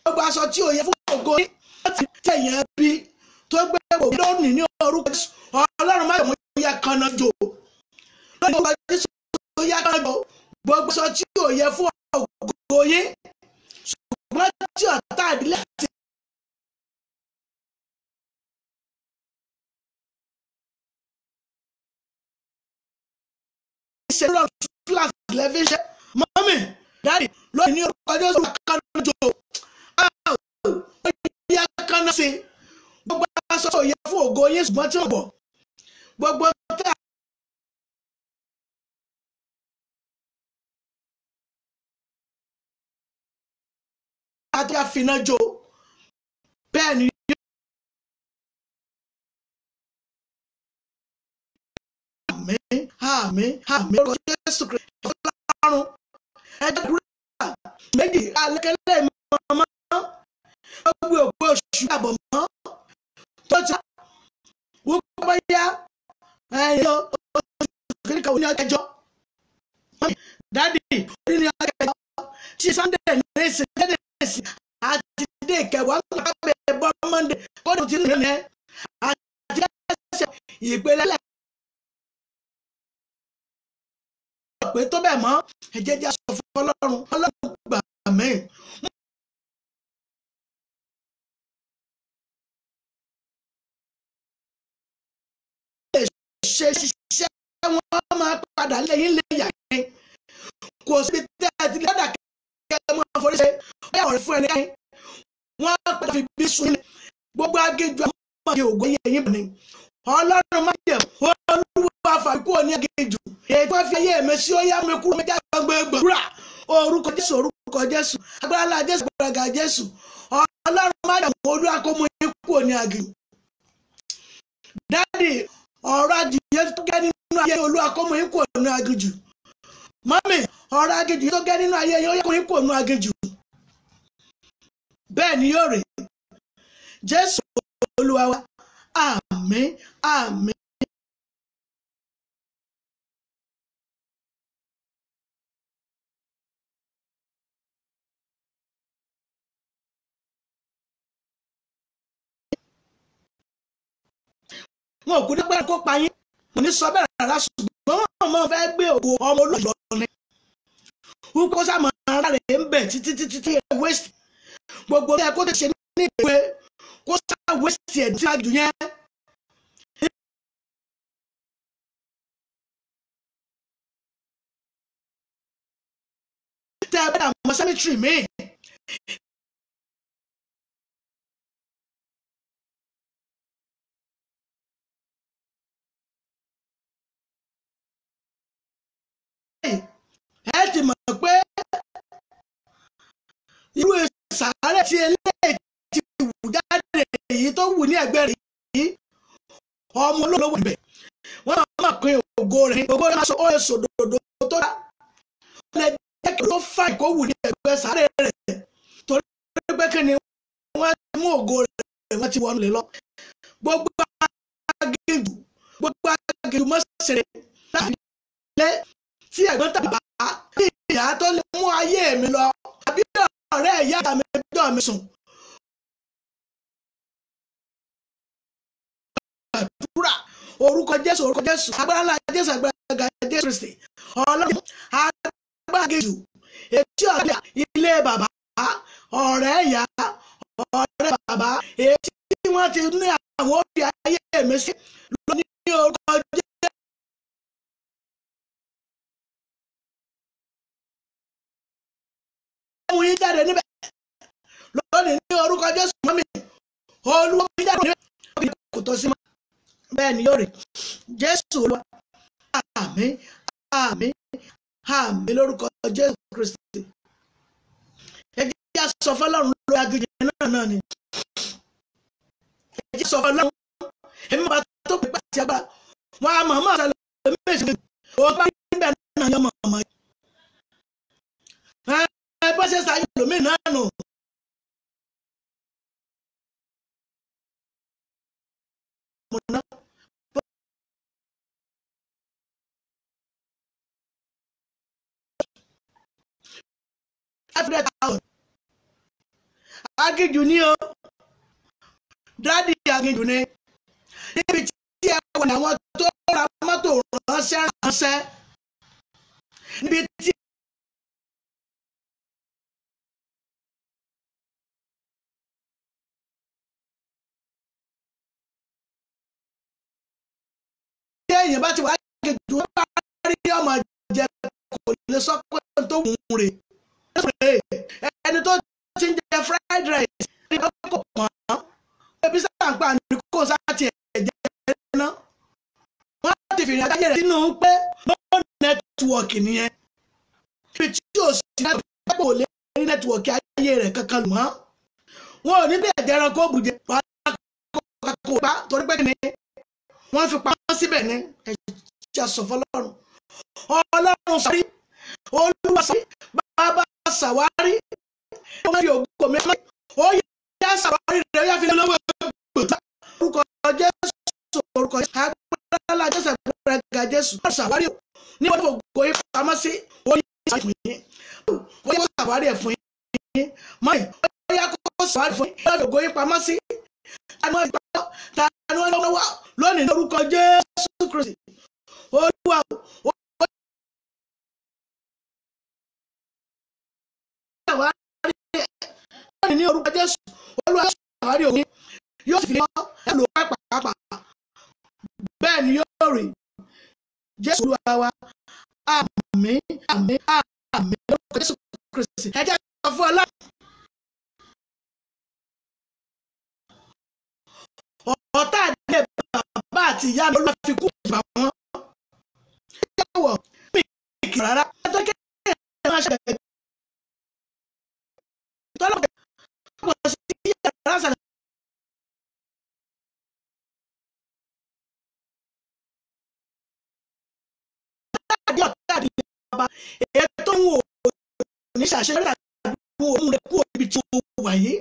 gbogbo aṣọ tí òye fún ògo ní láti tẹ̀yìn bí tó gbé wọ́ lónìí ní orúkọ jésù ọlọ́run má yẹ̀ mú yẹ kan jò lónìí ní orúkọ jésù yá kájọ gbogbo sọ tí ò yẹ fún ògo yín ṣùgbọ́n tí ọ̀tá ìdílé àti ṣe lọ class television mọ́mí dáàdì lóyún ní orúkọ jésù àkànjọ ọ̀yẹ́ kaná sí gbogbo aṣọ òye fún ògo yín ṣùgbọ́n tí wọ́n bọ̀ gbogbo ajé àfinájò bẹ́ẹ̀ ni àmín àmín àmín lórúkọ jésù kristu ọlọ́run ẹjọ́ àdúrà méjì alẹ́kẹ́lẹ́ mọ́mọ́ gbogbo òpó oṣù àbọ̀ mọ́ tó ta wọ́pọ̀ báyá ẹ̀yọ́ oṣù kìnnìkan ní ẹjọ́ dáàdì orí ni ọjọ́ ẹjọ́ tí sunday ní ìsìn jáde èsì àti dé ìkẹwàá ńlá kábẹ bọ mọndé kódà tí nìyẹn nìyẹn àti ẹsẹ ìpele lẹ. pé tó bẹ́ẹ̀ mọ́ ẹ̀jẹ̀ jẹ́ sọ fún ọlọ́run ọlọ́run gbà mí. ṣe ṣiṣẹ́ wọn máa padà lẹ́yìn lẹ́yìn àgbẹ̀ kò síbi tẹ́ ẹ ti lọ́dà kẹ́kẹ́ mọ́ forí ṣe ìyàwó rẹ̀ fún ẹnikẹ́ni wọ́n padà fi bí sun ilẹ̀ gbogbo agéjù amóhùnmáyé ògùn ayé ẹ̀yìn bìnrin ọlọ́run má jẹ̀ olúwa fàbíkú òní agéjù èyí wọ́n ayé ẹ̀mí sí ó mi kúrò méjì àgbẹ̀gbẹ̀ rà orúkọ jésù orúkọ jésù agbára jésù gbàgà jésù ọlọ́run má jẹ̀ olúwa kó mú kú òní agé dáàdì ọ̀rọ̀ àjùyẹ tó gẹ́ nínú ayé olúwa kó mú kú òní agéjù mọ́mì ọ̀rọ̀ àjùyẹ tó gẹ́ nínú ayé yín ó yẹ kó mú kú òní agéjù bẹ́ẹ̀ ni yóò rí jésù olúwa wa àmín àmín. wọn ò kú nígbà kó pa yín kò ní sọ bẹ́ẹ̀ rárá ṣùgbọ́n wọn mọ̀ fẹ́ gbé ògo ọmọ olóòjọ́ ni wọn kó sàmọ́ ara rẹ̀ ń bẹ̀ títí títí ẹ̀ wẹ́sì gbogbo bí ẹ kó tẹ̀sẹ̀ ní ìwé kó sáwé sí ẹ̀dùn síra jù yẹn. tẹ́ ẹ bá dà mọ́ sẹ́mítírì míì. ẹ ti mọ̀ pé irú èso sàárẹ̀ tí eléyìí ti wù jáde èyí tó wù ní ẹgbẹ́ rẹ̀ yìí ọmọ olówó ibẹ̀ wọ́n máa pe ògo rẹ̀ ògo rẹ̀ máa sọ ọ́ èso tó dá wọ́n lè jẹ́ kí ló fà kó wù ní ẹgbẹ́ sàárẹ̀ rẹ̀ torí pé kí ni wọ́n ti mú ògo rẹ̀ wọ́n ti wọnú lè lọ gbogbo agéjù gbogbo agéjù mọ́sẹ̀rẹ̀ láti lẹ́ tí ẹ̀gbọ́n tàbá ìyá tó lè mú ayé mi lọ ọ̀rẹ́ ìyá mi gbọ́dọ̀ mi sùn. àdúrà orúkọ Jésù orúkọ Jésù agbára ńlá Jésù agbára ga Jésù Kristi Ọlọ́run agbára etí ọ̀gbìn ilé bàbá ọ̀rẹ́ ìyá ọ̀rẹ́ bàbá etí wọ́n ti ní àwọn òbí ayé mi sí lónìí orúkọ Jésù. jáde níbẹ̀ lónìí ní orúkọ Jésù mọ́mì Olúwa mú jáde níbẹ̀ ọ̀gbìn kò tọ́ sí mọ́ bẹ́ẹ̀ ni yóò rí Jésù Olúwa àmín àmín àmín lórúkọ Jésù Kristi ẹ jẹ́ sọ fọlọ́run lórí agídí náà náà ni ẹ jẹ́ sọ fọlọ́run èmi bá tó pè pàṣẹ agbára wọn a mọ̀ mọ́ àtàlẹ́ méjì òun bá níbẹ̀ náà yọ mọ̀ mọ́ yìí bó ṣe ṣàyè lómi náà nù. aginjù ni o dádì aginjù ni níbi tí ẹ wà ní àwọn tó ra mọ́tò ránṣẹ́ ránṣẹ́ níbi tí téèyàn bá ti wá kejì wọn bá rí ọmọ jẹ kò lè sọ pé tó wù ú rè ẹni tó ti ń jẹ fried rice ní ọkọ̀ mọ́ ẹbí sáà ń pa àmì kò sáà tiẹ̀ jẹ́ náà wọ́n ti fìrìn àjáyé rẹ̀ sínú pé no network nìyẹn ibi tí ò sí náà kò lè rí network ayé rẹ̀ kankan lù mọ́ wọn ò ní bí ẹ̀jẹ̀ ẹranko òbújẹ wọn á kó kakó bá torí pé kìnìún wọ́n fi pamọ́ síbẹ̀ ní ẹ̀jẹ̀ sọ fọlọ́run ọlọ́run sọ̀rí olúwa sọ̀rí bàbá sàwárí ọmọ yóò gbogbo mi ọmọ ó yá sàwárí rẹ̀ ó yá fi lọ́wọ́ gbòdá orúkọ jésù orúkọ jésù agbára jésù agbára ga jésù bàbá sàwárí o ní wọ́n fògo yín pamọ́ sí ó yá sàwárí fún yín ó yá sàwárí ẹ̀ fún yín mọ́ ẹ̀ ó yá kó sàwárí fún yín ó yá fògo yín pamọ́ sí ta ni wọ́n lọ́wọ́ lónìí lórúkọ Jésù Kristi olúwa ó ní orúkọ Jésù olúwa ó ṣàwárí òun yóò sì fi lọ ẹlò pàápàá bẹ́ẹ̀ ni yóò rí Jésù olúwa wa àmín àmín àmín lórúkọ Jésù Kristi ẹ jẹ́ sọ ọlọ́run. ọ̀tá àdé bàbá àti ìyá mi olúwa fi kú ìgbà wọn. ìyàwó mi kì í rárá ẹjọ́ kékeré máa ṣe bẹ̀rẹ̀ tọ́lọ́kẹ́ ọ̀pọ̀ sí yàrá sàlẹ̀. ọ̀tá àdé ọ̀tá àdé bàbá èyí tó ń wò ní ṣàṣeyọrí tàbí wò ó mú rẹ̀ kú òbí tí ó wà yìí.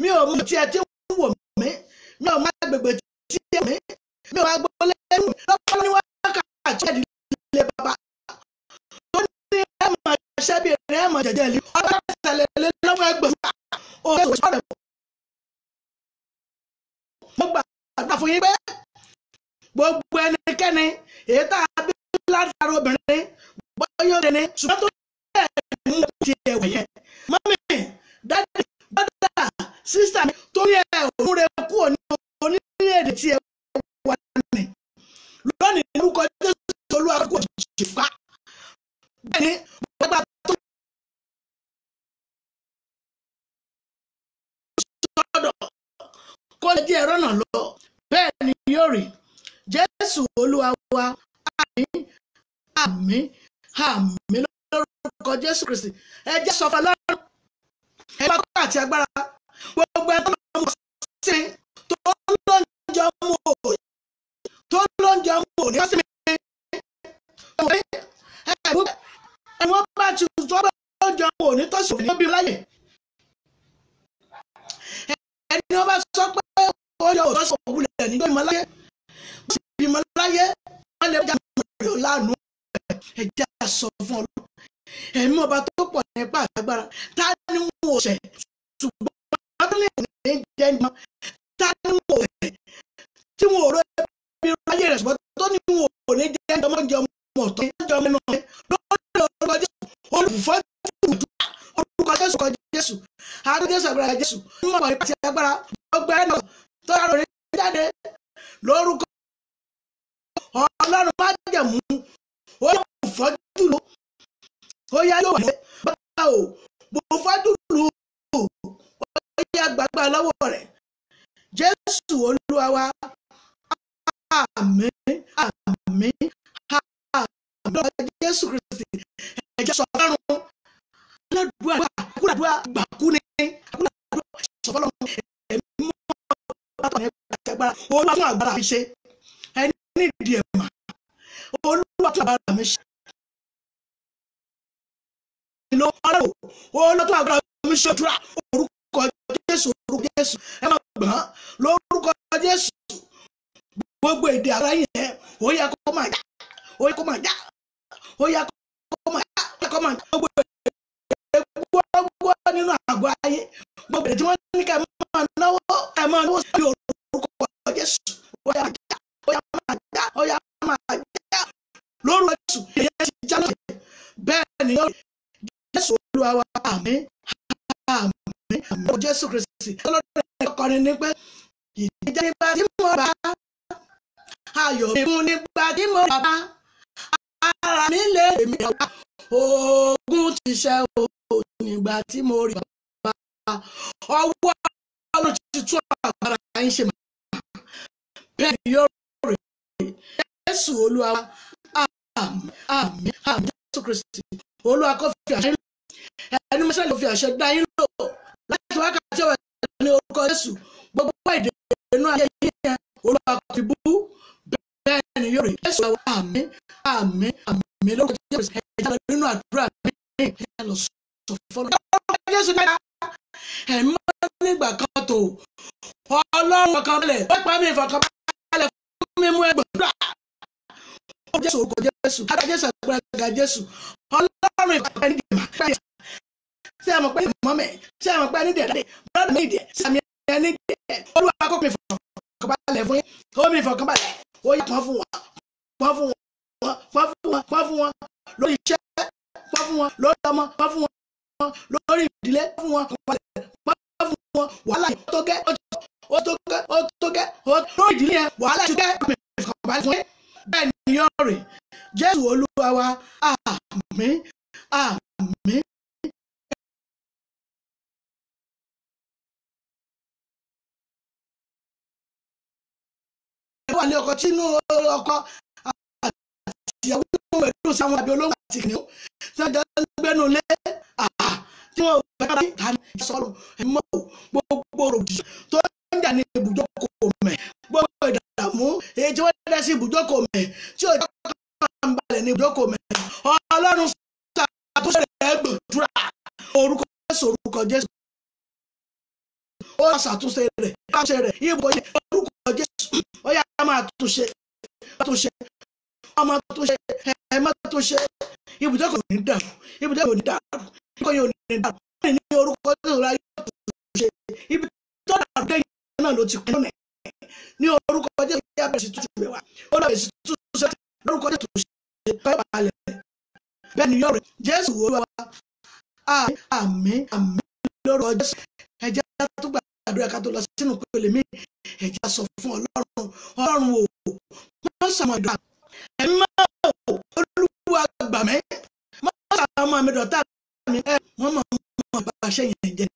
mi ò rúbi tí ẹ ti wò mí mi ò má gbègbè tí ẹ mí mi ò má gbọ́ lẹ́rù mi lọ́pọ̀ ní wákàtí ẹ̀dí ilé bàbá tó ní ẹ̀mọ̀ ẹ̀ṣẹ́ bíi ẹ̀rẹ́ ẹ̀mọ̀ jẹ̀jẹ̀ ìlú ọ̀rọ̀ ìṣẹ̀lẹ̀ lọ́wọ́ ẹgbẹ̀rún òun ẹ̀sùn ọ̀rẹ́ bọ̀. mo gbàgbà fún yín pé gbogbo ẹnikẹ́ni èyí tá a bí látara obìnrin bọ́yọ̀ obìnrin ṣùgbọ́n tó glory jésù olúwa wa àmín àmín lórúkọ jésù kristi ẹ jẹ́ sọ fún ọlọ́run ẹ bá kọ́ àti agbára gbogbo ẹgbẹ́ ọmọ ọmọ sí mi tó lóúnjẹ mú o tó lóúnjẹ mú o ní ọ̀sìn mi ọmọ bá ti sọ pé lóúnjẹ mú o ní tọ́sí òní bí láyè ẹni wọ́n bá sọ pé ó yọ òtọ́sí òwúlẹ̀ nígbà ìmọ̀láyé bó ṣe bímọ láyé wọn lè jáde rẹ lánàá ẹ jẹ́ a sọ fún Ọlọ́run ẹ̀mí ọba tó pọ̀ nípa tá ta ni wọn ò ṣẹ̀ ṣùgbọ́n wọn ní ìrìn jẹ́ ní wọn ta ni wọn ò ṣẹ̀ tí wọn ò rọ ẹbí ráyè rẹ̀ ṣùgbọ́n tó ní wọn ò ní jẹ́ ní ọmọ ìjọba ọ̀tọ̀ ìjọba ọmọ ẹnu rẹ̀ lọ́wọ́ ọ̀rọ̀ Jésù olùfọ́ ìdúrà orúkọ Jésù kọ Jésù àánú Jésù àgbára Jésù mọ̀ nípa ti agbára ọgbẹ́ náà tó yàrá òní jáde lórúkọ ọlọ́run má jẹ̀mú ó yẹ kó fọ́jú lò ó yẹ yóò wáyé bàbá o bò fọ́jú lò ó yẹ gbàgbà lọ́wọ́ rẹ̀ jésù olúwa wa àmín àmín àmín lọ́wọ́ jésù kristi ẹ̀jẹ̀ sọ fọ́lọ́run aládùúgbò àkúràdúrà gbàkú ni àkúràdúrà sọ fọ́lọ́run ẹ̀mí mọ́ ọ́ bàtọ̀ ẹ̀ gbàgbára olúwa fún àgbàrá fi ṣe nídìí ẹ̀ mà olúwa tó agbára mi ṣe ìlú ọlọ́rọ̀ olúwa tó agbára mi ṣe òdúrà orúkọ jésù orúkọ jésù ẹ máa gbọ́n lórúkọ jésù gbogbo èdè ara yẹn ó yẹ kó máa já ó yẹ kó máa já ó yẹ kó máa já ó yẹ kó máa já gbogbo èdè gbogbo nínú àgọ́ ayé gbogbo èdè tí wọ́n ní ká máa náwó ká máa náwó sí orúkọ jésù ó yẹ máa já. lórúkọ jésù ìyẹn ti já lọ́sẹ̀ bẹ́ẹ̀ ni yóò jésù olúwa wa àmín àmín àmín jésù kristi ọlọ́dún rẹ̀ kọrin ní pé ìdíje nígbà tí mo bá ayọ̀ mi fún nígbà tí mo bá ara mi lè mi ọ̀gá ogun ti ṣe o nígbà tí mo rí bàbá ọwọ́ ọlọ́run ti tún àgbàrá yín ṣe mọ́ bẹ́ẹ̀ ni yóò rí jésù olúwa wa àmì àmì àmì jésù kristi olúwa kó fi àṣẹ lò ẹni mọ́ṣẹ́ ló fi àṣẹ dá yín lò láti wákàtí ọ̀wẹ̀ ní orúkọ jésù gbogbo ìdè inú ayé yín yẹn olúwa kó fi bú bẹ́ẹ̀ ni yóò rí jésù àwọn àmì àmì àmì lórúkọ jésù ẹ̀jẹ̀ lọ nínú àdúrà mi ẹ̀ lọ sọ fọlọ́ lórúkọ jésù náà ẹ̀ mọ́ nígbà kan tó ọlọ́run ọkàn balẹ̀ ó pa mí ìfọkànbalẹ̀ fún mímú ẹgbẹ̀rún ó jẹ́ sòrò kọjá jésù ara jésù àgbàlagbà jésù ọlọ́run ìfọ̀pẹ́ ní dèmà ṣé àmọ̀ pé mọ́ mẹ́ ṣé àmọ̀ pé ní dẹ̀dẹ̀ bọ́ọ̀dù mi dẹ̀ sàmì ẹni dẹ̀ olúwa kó mi fọkànbalẹ̀ fún yín kó mi fọkànbalẹ̀ ó yà pọ́n fún wọn pọ́n fún wọn pọ́n fún wọn pọ́n fún wọn lórí iṣẹ́ pọ́n fún wọn lórí ọmọ pọ́n fún wọn lórí ìdílé pọ́n fún wọn wàhálà jésù olúwa wa àmín àmín. wà ní ọkọ tí inú ọkọ àti ìyàwó tó wẹ̀ tó sí àwọn àbí olóńgbò àti kìnìún tí wọ́n jẹ́ gbẹ́nu lé àhà tí wọ́n bá dára ìta ní ìsọ̀rọ̀ ẹ̀mọ́ gbogbo rògbì tó ń dà ní ibùdókò mẹ́ gbogbo ìdààmú èyí tí wọ́n dá sí ibùdókò mẹ́ tí ó jẹ́ rẹ̀ ní ìjókòó mẹ́rin ọlọ́run ṣàtúnṣe rẹ̀ gbòdúrà orúkọ jésù orúkọ jésù ó yà ṣàtúnṣe rẹ̀ ṣàtúnṣe rẹ̀ ìbò yẹn orúkọ jésù ó yà máa túnṣe túnṣe ọmọ túnṣe ẹ̀ẹ́mọ́ túnṣe ibùjókòó ní dàrú ibùjókòó ní dàrú ibùjókòó yóò ní dàrú ó ní orúkọ jésù láyé túnṣe ibi dàrú lẹ́yìn náà ló ti kú ní orúkọ jésù yà bẹ̀rẹ̀ sí túnṣe wá ó lọ bẹ̀rẹ̀ sí túnṣe lórúkọ jésù tó ìbàlẹ̀ bẹ́ẹ̀ ni yóò rí jésù olúwa àmín àmín lórúkọ jésù ẹ jẹ́ tó gbàdúrà ká tó lọ sínú pèlè mi ẹ jẹ́ sọ fún ọlọ́run ọlọ́run o má sàmọ̀ ìdọ̀tà ẹ̀mí má o olúwa gbà mí má sàmọ̀ mi dọ̀tà mi ẹ̀ wọ́n mọ̀ mọ̀ bá ṣe yẹn jẹ́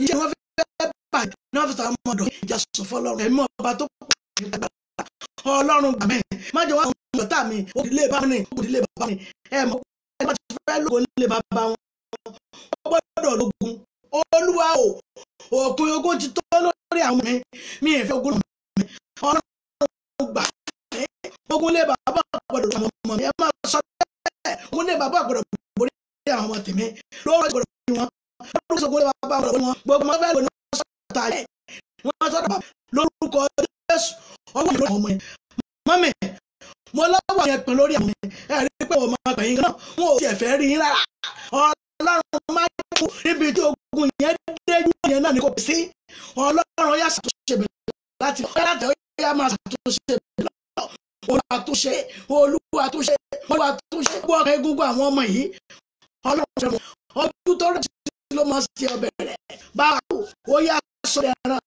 iṣẹ́ wọn fẹ́ bàjẹ́ ní wọ́n fi sàmọ̀ dọ̀tà ìjà sọ fún ọlọ́run ẹ̀mí ọba tó pọ̀ nípa ọlọ́run gbà mí má jẹ́ wá àwọn ọ̀tá mi ó kò dílé bàbá mi ó kò dílé bàbá mi ẹ mọ̀ pé ẹ bá ti fẹ́ lóko nílé bàbá wọn ó gbọ́dọ̀ lógun olúwa o òpin ogun ti tó lórí àwọn mi mi ì fẹ́ ogun mi ọlọ́run gbà mí ogun lé bàbá gbọ́dọ̀ àwọn ọmọ mi ẹ máa sọ bẹ́ẹ̀ ogun lé bàbá gbọ́dọ̀ borí àwọn ọmọ tèmi lọ́wọ́ gbọ́dọ̀ borí wọn lórúkọ ogun lé bàbá gbọ́dọ̀ borí wọn gbogbo ọmọ fẹ́ lónìí wọ́n sọ̀tà rẹ̀ wọ́n sọ̀tà lórúkọ ọdún jésù ọwọ́ yìí ló àwọn ọmọ yẹn mọ́mì mo lọ́wọ́ yẹn pin lórí àwọn yẹn rí pé ọmọ àgbà yín náà wọn ò tiẹ̀ fẹ́ rí rárá ọlọ́run máa kú níbi tí ogun yẹn déjú yẹn náà ni kò sí ọlọ́run yà ṣàtúnṣe bẹ̀rẹ̀ láti láti ọyà máa ṣàtúnṣe bẹ̀rẹ̀ lọ olúwa tó gbọ́ ọkọ̀ egungun àwọn ọmọ yìí ọlọ́run ọdún tó rẹ̀ ti ló máa ṣe ọbẹ̀ rẹ̀ báwo ó yà sórí ẹran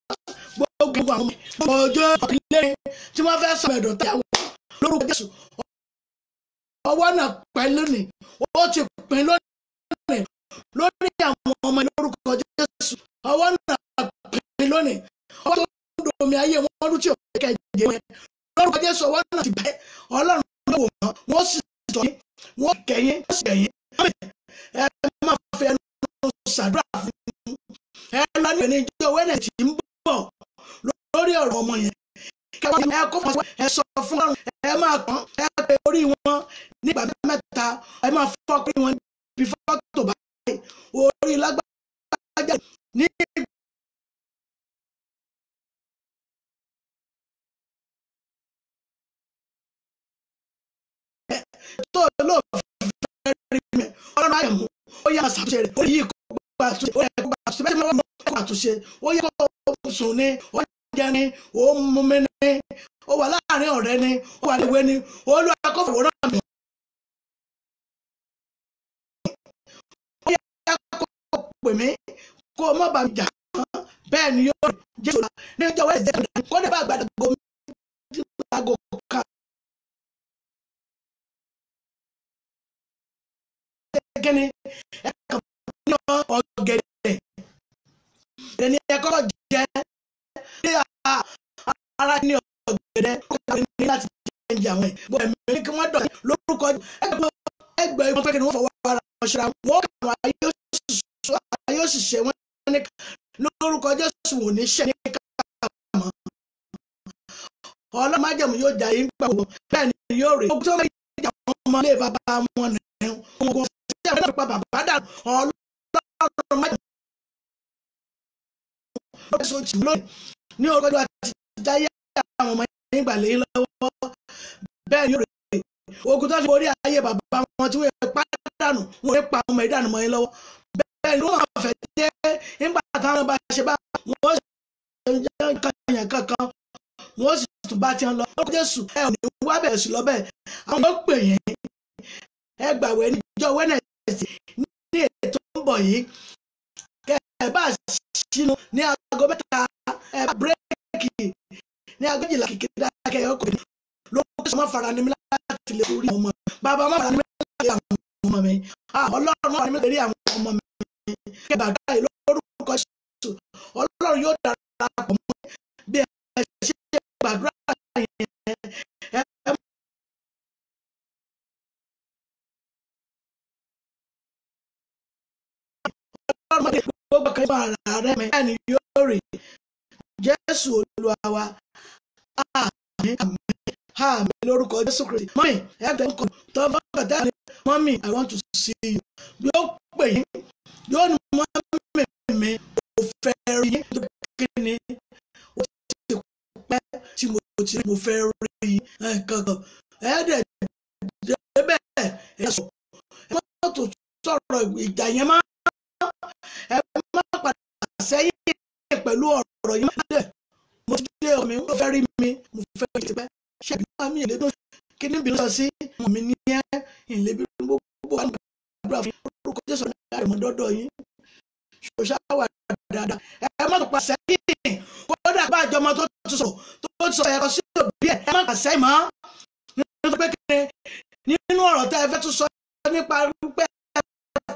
gbogbo àwọn ọmọ ọjọ́ ìlérí tí wọ́n fẹ́ sọ ẹ̀dọ̀ táwọn lórúkọ Jésù ọwọ́ náà pẹ́ lónìí ó ti pín lónìí lórí àwọn ọmọ lórúkọ Jésù ọwọ́ náà pín lónìí ọwọ́ tó ń do ayé wọn lú tí òkè kẹjẹ wọn lórúkọ Jésù ọwọ́ náà ti bẹ́ Ọlọ́run ló wò wọ́n wọ́n sì tọ́ yín wọ́n kẹ̀yìn wọ́n sì kẹ̀yìn ẹ máa fi ẹnu sàdúrà fún ẹ lọ ní ìrìn ìjọ wẹ́rẹ̀ tí ń bọ̀ lórí ọ̀rọ̀ ọmọ yẹn kẹwàá ẹ kó fún ẹ sọ fún ọrùn ẹ máa kàn ẹ pe orí wọn nígbà mẹ́ta ẹ máa fọ́ wọn bí fọ́tò báyìí orí lágbájá ní tó lóòfin fẹ́ẹ́ rí mi ọlọ́run àyẹ̀mú ó yà sàbẹ̀rẹ̀ orí yìí àtúnṣe ó yẹ kó sùn ní ó jẹ ní ó mú mi ní ó wà láàrin ọ̀rẹ́ ní ó wà léwé ní olú akọ́fọ̀wọ́rán mi. ó yẹ kó pè mí kó mọ̀ bá mi jà mọ́ bẹ́ẹ̀ ni yóò rí jésù ní ọjọ́ wẹ́ẹ̀sì ẹ̀dá kó dé bá àgbàdo mi lágo ká. Kí ni ẹ kàn yan ọ̀gẹ̀dẹ̀ ẹni ẹ̀kọ́ jẹ́ ní ara ní ọ̀gẹ̀dẹ̀ kọ́kọ́ ní láti jẹ́ ń jà wọ́n bọ́ ẹ̀mí ní kí wọ́n dọ̀ lórúkọ ẹgbẹ́ ẹgbẹ́ ìwọ̀n pẹ́kẹ́ ni wọ́n fọwọ́ ara wọn ṣe ra wọ́n kàwọn ayé òṣìṣẹ́ wọn ní lórúkọ Jésù wò ní ṣẹ́ ní káàmọ́ ọlọ́run májẹ̀mú yóò jà yín gbàgbọ́ bẹ́ẹ̀ ni yóò rè é ó tó bá yẹ ìjà wọn ọmọ ilé bàbá wọn nìyẹn wọn kò sí àwọn ẹgbẹ́ bàbá dà ọlọ́ ọ̀rọ̀ ní orúkọ àti jáyé àwọn ọmọ yẹn gbà lọ́wọ́ bẹ́ẹ̀ ni ó rèé ogun tó fi borí ayé bàbá wọn tí wọ́n yẹ pàdánù wọ́n yẹ pa ọmọ ìdánù mọ́ yẹn lọ́wọ́ bẹ́ẹ̀ ni wọ́n fẹ́ jẹ́ nígbà táwọn bá ṣe bá wọ́n ṣe jẹ́ kanyàn kankan wọ́n sì tún bá ti ń lọ lórúkọ Jésù ẹ ò ní wá bẹ̀rẹ̀ sí lọ bẹ́ẹ̀ àwọn yóò pè yẹn ẹ gbàwẹ̀ níjọ́ wẹ́nẹ̀sì ní ń bọ̀ yìí kẹ́ ẹ ní aago mẹ́ta ẹ bírèkì ní aago méjìlá kìkì dákẹ́ ẹ ọkọ̀ lórí ọmọ faranimi láti lè rí ọmọ bàbá ọmọ faranimi láti lè àwọn ọmọ mi ọlọ́run ọmọ faranimi láti lè àwọn ọmọ mi kẹ́ ẹ bàbá yìí ṣètò ọlọ́run yóò dára pọ̀ mọ́ bí ẹ ṣe gbàdúrà yẹn ó gbà kẹ́lẹ́ bàrà rẹ̀ mi bẹ́ẹ̀ ni yóò rè jésù olúwa wa àmín àmín àmín lórúkọ jésù kristi mọ́mì ẹ̀ẹ́dẹ̀ ń kọ́ tó bá bàtà rẹ̀ mọ́mì i want to see you yóò pè yín yóò ní mọ́mì mi ò fẹ́ rí yín tó kí ni ó ti pẹ́ tí mo ti mo fẹ́ rí yín kankan ẹ̀ẹ́dẹ̀ débẹ̀ ẹ̀ sọ ẹ̀ mọ́tò sọ̀rọ̀ ìjà yẹn máa ẹ má padà sẹ́yìn pẹ̀lú ọ̀rọ̀ yìí má dẹ̀ mo ti dé ọmọ mi ó fẹ́ rí mi mo fẹ́ rí tipẹ́ ṣe ìbínú àmì ìlé tó kí ní ìbínú sọ sí ọmọ mi ní ẹ́ ìlé bí gbogbo àwọn àdúrà fún orúkọ Jésù náà rẹ̀ mọ́ dọ́dọ̀ yín ṣòṣà wà dáadáa ẹ má tó pa sẹ́yìn kódà bá àjọmọ tó ti sọ tó ti sọ ẹ̀kọ́ sí òbí ẹ̀ ẹ má pa sẹ́yìn mọ́ nítorí pé kí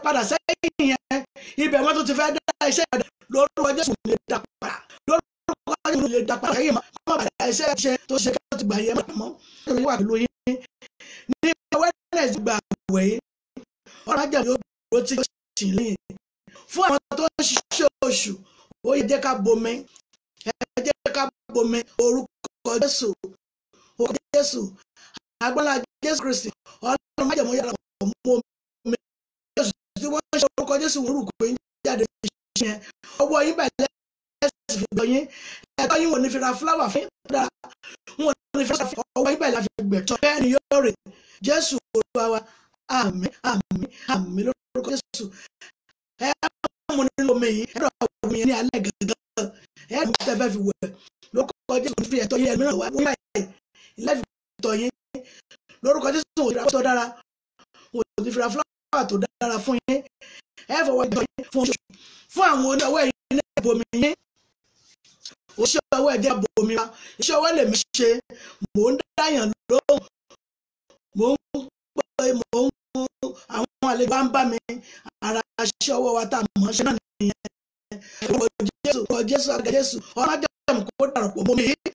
padà sẹ́yìn yẹn ibẹ̀ wọ́n tún ti fẹ́ dá iṣẹ́ ìdá lórúkọ Jésù lè dá padà lórúkọ Jésù lè dá padà sẹ́yìn mọ́ padà iṣẹ́ ṣe tó ṣe kí wọ́n ti gbà yẹn mọ́ ẹ̀mí wà pẹ̀lú yín ní wẹ́nẹ̀sì gbà wẹ̀ yín ọ̀rọ̀ ajá yóò dúró tí yóò sì lẹ́yìn fún àwọn tó ń ṣiṣẹ́ oṣù ó yẹ jẹ́ ká bomi ẹ jẹ́ ká bomi orúkọ Jésù orúkọ Jésù agbára Jésù Kristi ọlọ́run májèmó tí wọ́n ṣe orúkọ Jésù wọ́n rù jáde fi ṣe yẹn ọwọ́ yín bàjẹ́ ẹ̀sìn fi gbọ́ yín ẹ̀tọ́ yín wò ní fira fúláwà fún ìdára wọn ò ní fira fún ọwọ́ yín bàjẹ́ fi gbẹ̀ bẹ́ẹ̀ ni yóò rè Jésù Olúwa wa àmín àmín àmín lórúkọ Jésù ẹ mú nínú omi yìí ẹ̀rọ àwọn yẹn ní alẹ́ gangan ẹ mú lórúkọ Jésù fi ẹ̀tọ́ fúláwà tó dára fún ẹ fọwọ́ jọ yín fún oṣù fún àwọn oníwọ̀ ẹ̀yìn náà bomi yín oṣẹ́ ọwọ́ ẹ̀jẹ̀ bomi wa iṣẹ́ ọwọ́ lèmi ṣe mò ń dáyàn lóhùn mò ń pè mò ń mú àwọn àlejò bá ń bá mi ara iṣẹ́ ọwọ́ wa tá a mọ̀ ṣe náà nìyẹn orúkọ Jésù orúkọ Jésù àgẹ Jésù ọmọ jẹ́ mi kó darapọ̀ bomi yìí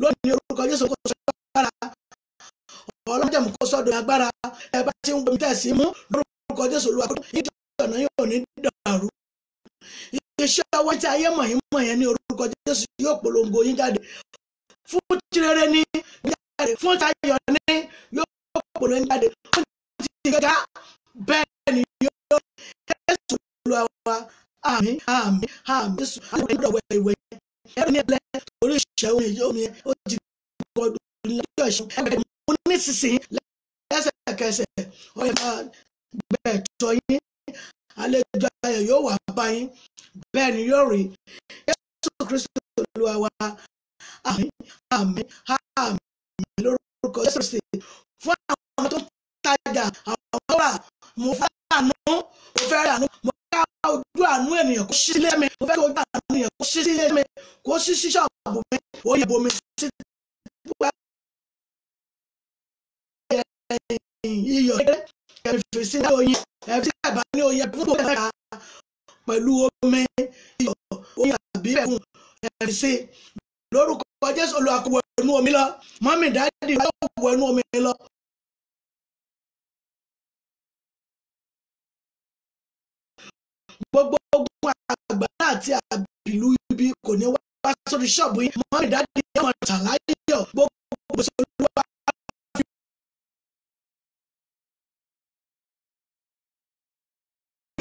lónìí orúkọ Jésù kò sọ agbára ọlọ́jẹ̀mú kó sọ́dọ̀ agbára ẹ bá ti ń bomi tẹ̀sí mú lórúkọ Jésù olúwa kó ní ọ̀nà yóò ní dàrú iṣẹ́ wa tí ayé mọ̀yín mọ̀yẹn ní orúkọ Jésù yóò polongo yín jáde fún tirẹrẹ ní jáde fún tayọ̀ ní yóò polongo yín jáde fún ti gẹ́gá bẹ́ẹ̀ ni yóò Jésù lu àwa àmín àmín àmín Jésù àwọn ìdọ̀wọ̀ ìwẹ̀ ẹ̀rọ ní ẹ̀lẹ́ torí ìṣẹ́wọ̀n ìjọ omi ó ti kọ́ ìlú ìṣẹ́wọ̀n ẹ̀rọ mú nísinsìnyí lẹ́sẹ̀kẹsẹ̀ ọ̀yẹ̀ká gbẹ̀tọ̀ yín àlejò ayọ̀ yóò wà bá yín bẹ́ẹ̀ ni yóò rí Jésù Kristu Olúwa wa àmín àmín àmín lórúkọ Jésù sí fún àwọn tó ń tajà àwọn tó wà mo fẹ́ àánú mo fẹ́ àánú mo fẹ́ ojú àánú ènìyàn kó ṣí sílé mi mo fẹ́ ojú àánú ènìyàn kó ṣí sílé mi kó ṣí sí ṣọ́ọ̀bù mi òye bomi sí iyọ̀ fèsì náà oyin ẹ̀fí àbá ní oyin púpọ̀ mẹ́ta pẹ̀lú omi iyọ̀ oyin àbí ẹ̀kún ẹ̀fí lórúkọ Jésù olùwàkúwọ̀ ẹnu omi lọ mọ́mí dáàdì yóò wọ ẹnu omi lọ. gbogbo ogun àgbà àti àbìlú ibi kò ní wá sórí ṣọ́ọ̀bù yìí mọ́mí dáàdì yóò mọ̀ tàláyọ̀ gbogbo ìgbésẹ̀ olúwa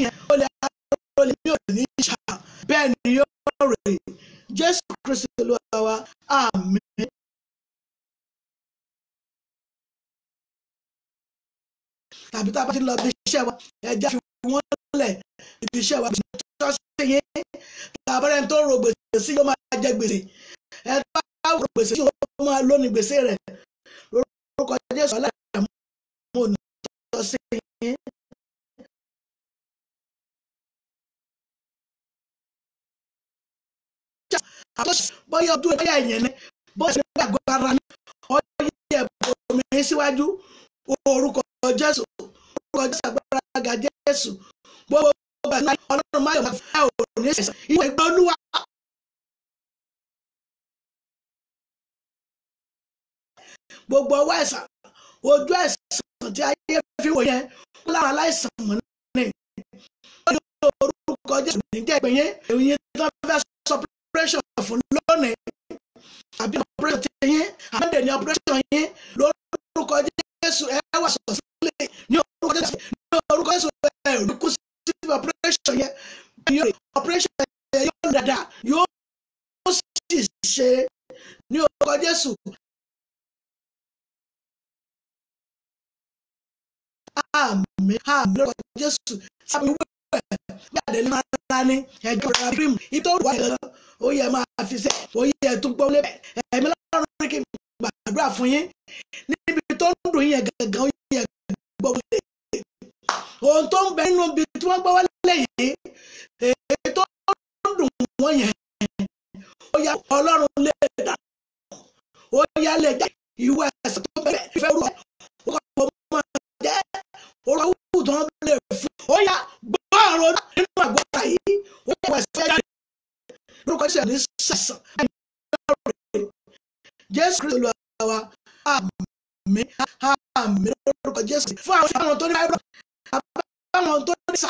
yẹn ó lè ó lè ní òní ìṣà bẹ́ẹ̀ ni yóò rè Jésù Kristi Olúwa wa àmín. tàbí tá a bá ti lọ bí iṣẹ́ wa ẹja fi wọ́n lẹ̀ ibi iṣẹ́ wa gbèsè tó ṣe yé tàbí ẹni tó ro gbèsè sí yóò máa jẹ gbèsè ẹni bá ro gbèsè sí yóò máa lóni gbèsè rẹ̀ lórúkọ Jésù aláìsàn mọ́ òní tó ṣe yé. àtọ́sí bọ́yá ọdún ẹ̀yà ìyẹn ní bọ́ọ̀sì gbàgbọ́ ara ní ọyẹ ẹ̀bùnmi síwájú orúkọ jésù orúkọ jésù agbára ga jésù gbogbo gbàgbọ́ ọlọ́run máa yọ̀ máa fẹ́ òní ṣẹ̀ṣẹ̀ ìwé ìgbà olúwa. gbogbo ọwọ́ ẹ̀sán ojú ẹ̀sán tí ayé fi wò yẹn wọ́n láwọn aláìsàn mọ̀ ní. orúkọ jésù ní ìpè yẹn èyí tó fẹ́ sọ pé fún lónìí àbí ọpẹrẹsọ ti yín àmọdé ní ọpẹrẹsọ yín lórúkọ Jésù ẹ wà sọsílẹ ní orúkọ Jésù ní orúkọ Jésù ẹ olùkú sí ọpẹrẹsọ yẹn yóò rí ọpẹrẹsọ yẹn yóò dada yóò sì ṣe ní orúkọ Jésù. Àmín àmín lórúkọ Jésù sábà wíwé gbàdé ní máa ńlá ní ẹjọ́ rẹ̀ fíìmù ìtòrò wáyé lọ ó yẹ máa fi sẹ́ ó yẹ tó gbọ́ lébẹ̀ ẹ̀mí lọ́rùn kí n gbàdúrà fún yín níbi tó ń dùn yẹn gàgàn ó yẹ gbọ́ wọlé ohun tó ń bẹ nínú ibi tí wọ́n gbọ́ wọlé yìí èyí tó ń dùn wọ́n yẹn ó yá ọlọ́run lè dà ó yá lè dà ìwé ẹ̀sìn tó bẹ̀rẹ̀ ìfẹ́ orúkọ ó kọ́ ọmọ ó yá gbọ́ àrùn ó kọ ẹsẹ̀ jáde lórúkọ jésù ní sàìsàn ẹ̀rọ jésù kristu lu àwa àmì àmì lórúkọ jésù fún àwọn tó ní báyìí àwọn tó ní sà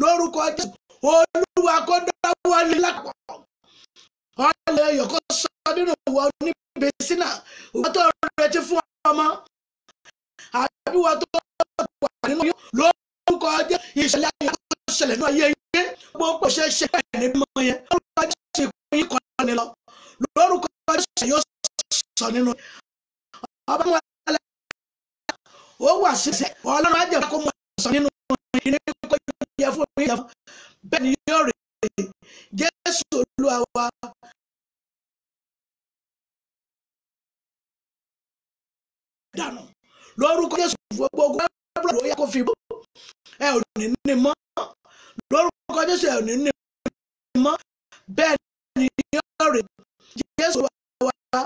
lórúkọ jésù olúwa kó dáwọ́ ní lápò ọ̀lẹ́ yọ̀kọ́ sọ nínú ìwà oníbèsí náà ìwà tó retí fún ọmọ àdúgbò tó wà nínú lórúkọ jésù ìṣẹ̀lẹ̀ ayọ̀ ṣẹlẹ̀ náà yé yé gbogbo ṣe ṣe bẹ́ẹ̀ ní mímọ́ yẹn lórúkọ jésù ìkú yín kan ní lọ lórúkọ jésù yóò sọ nínú ọba wọn lẹ ó wà sísẹ ọlọ́run ajẹ́ kó mọ sọ nínú ìní kó yẹ fún yẹ fún bẹ́ẹ̀ ni yóò rè é jésù olúwa wa. dànù lórúkọ jésù gbogbo gbogbo ẹ bọ̀dọ̀ ó yẹ kó fi bọ́ ẹ ò ní ní mọ́ lórúkọ jésù ẹ̀ ní ní mọ́ bẹ́ẹ̀ ni yóò rí jésù wà wá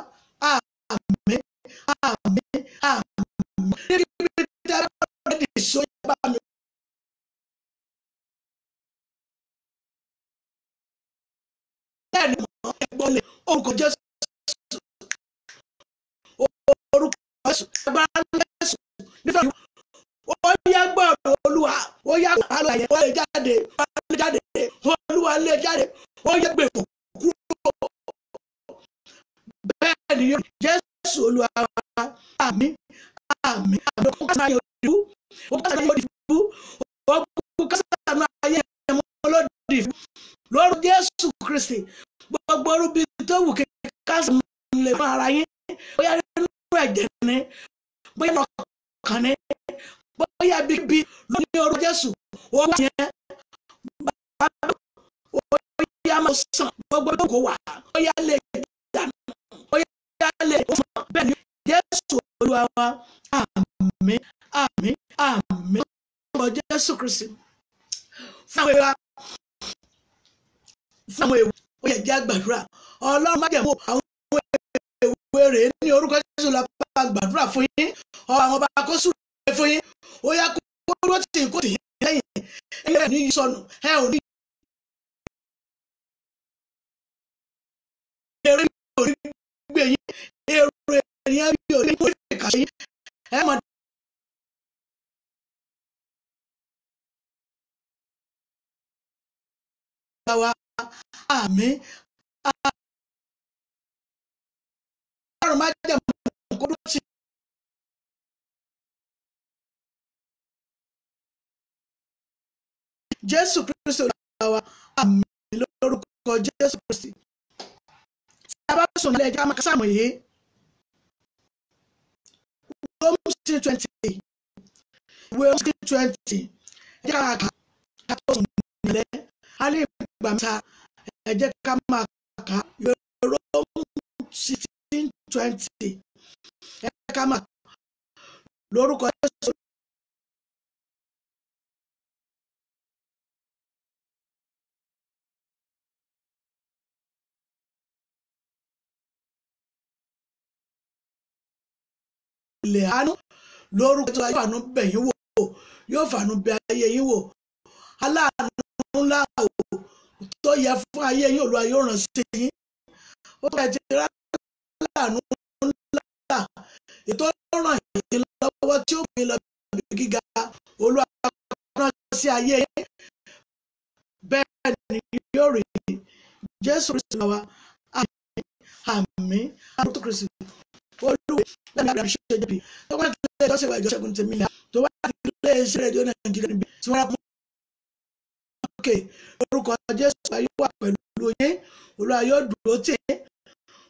àmì àmì àmì níbi tí a bá di sóyè bá mi. bẹ́ẹ̀ ni mọ́ ẹ̀gbọ́n lè orúkọ jésù orúkọ jésù agbára jésù nítorí ó yẹ gbọ́rọ̀ olúwa ó yẹ alàyè ó lè jáde ó lè jáde olúwa lè jáde ó yẹ gbèkú kúrò bẹ́ẹ̀ ni yóò jésù olúwa àmín àmín àmín ó kásá ayé òdìbú ó kásá ayé òdìbú ó kú kásá àánú ayé ẹ̀mọ́ olódì lórúkọ jésù kristi gbogbo orúbi tó wù kí kásá lè fún ara yín bóyá nínú ẹ̀jẹ̀ ni bóyá nínú ọkàn ni bóyá bíbí lórí oró jésù wọ́n wá yẹn bàbá bóyá máa sàn gbogbo ìdókòó wà bóyá lè dànù bóyá lè fún bẹ́ẹ̀ ni jésù olúwa wa àmín àmín àmín ọmọ jésù kristi fún àwọn ewa fún àwọn ewu ó yẹ jẹ́ àgbàdúrà ọlọ́run má jẹ̀wọ́ àwọn ewu rèé ní orúkọ jésù lọ́pàá àgbàdúrà fún yín àwọn ọba kó sùn fún yín ó yá kó dúró tì kó tì yín lẹ́yìn ẹ ò ní yí sọnù ẹ ò ní yí. eré mi ò ní gbé yín eré mi ò ní gbé ìkà sí ẹ mọ̀. àmín ọlọ́run má jẹ́ mọ́ kó dúró tì. jésù kristi olúwa wa àmín lórúkọ jésù kristi tí a bá sùn lálẹ́ ẹjọ́ a máa sàmù yìí rome sixteen twenty ìwé rome sixteen twenty ẹjẹ́ ká kà á tó sùn lálẹ́ a lè gbà mẹ́ta ẹjẹ́ ká máa kà á ìwé rome twenty ẹjẹ́ ká máa lórúkọ jésù ilẹ̀ àánú lórúkọ tó yóò fàánú bẹ̀ yín wò yóò fàánú bẹ̀ ayé yín wò aláàánú ńlá o tó yẹ fún ayé yín Olúwa yóò ràn sí yín ó kẹ́ ti rà láàánú ńlá ètò ràn yín lọ́wọ́ tí ó mú lọ bí gíga Olúwa rán sí ayé yín bẹ́ẹ̀ ni yóò rí Jésù Kristu náà wá àmín àmín Kristu olùwé lẹ́mi abraham ṣe jp tó wá ti lé ìjọsìn wa ìjọsìn tèmi là tó wá ti lé iṣẹ́ rẹ̀ ní nàìjíríà níbi tí wọ́n rà mú òkè orúkọ jésù ayé wà pẹ̀lú yín olúwa yóò dúró tì í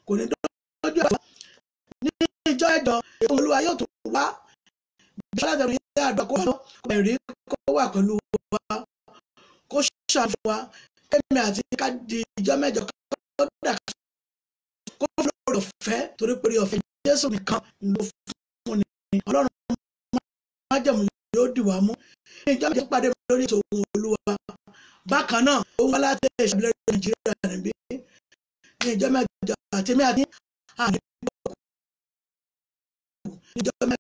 kò ní dọ́jú àwa ní ìjọ ẹ̀jọ ètò olúwa yóò tó wá bí alájọba yìí dá àgbà kó lọ ẹ̀rí kó wà pẹ̀lú wa kó ṣàfù wa kẹ́mi àti ká di ìjọ mẹ́jọ kó dà kó fún ọ̀rọ̀ fẹ́ torí pé ọ̀fẹ́ jésù nìkan ló fún ni ọlọ́run májẹ̀mú yóò dì wá mú ìjọ àjọ pàdé lórí ètò ohun olúwa bákan náà ó wá láti ìṣẹ̀lẹ̀ nàìjíríà níbí ní ìjọ mẹ́jọ àti mẹ́ta ní àdébọ̀ ìjọ mẹ́jọ.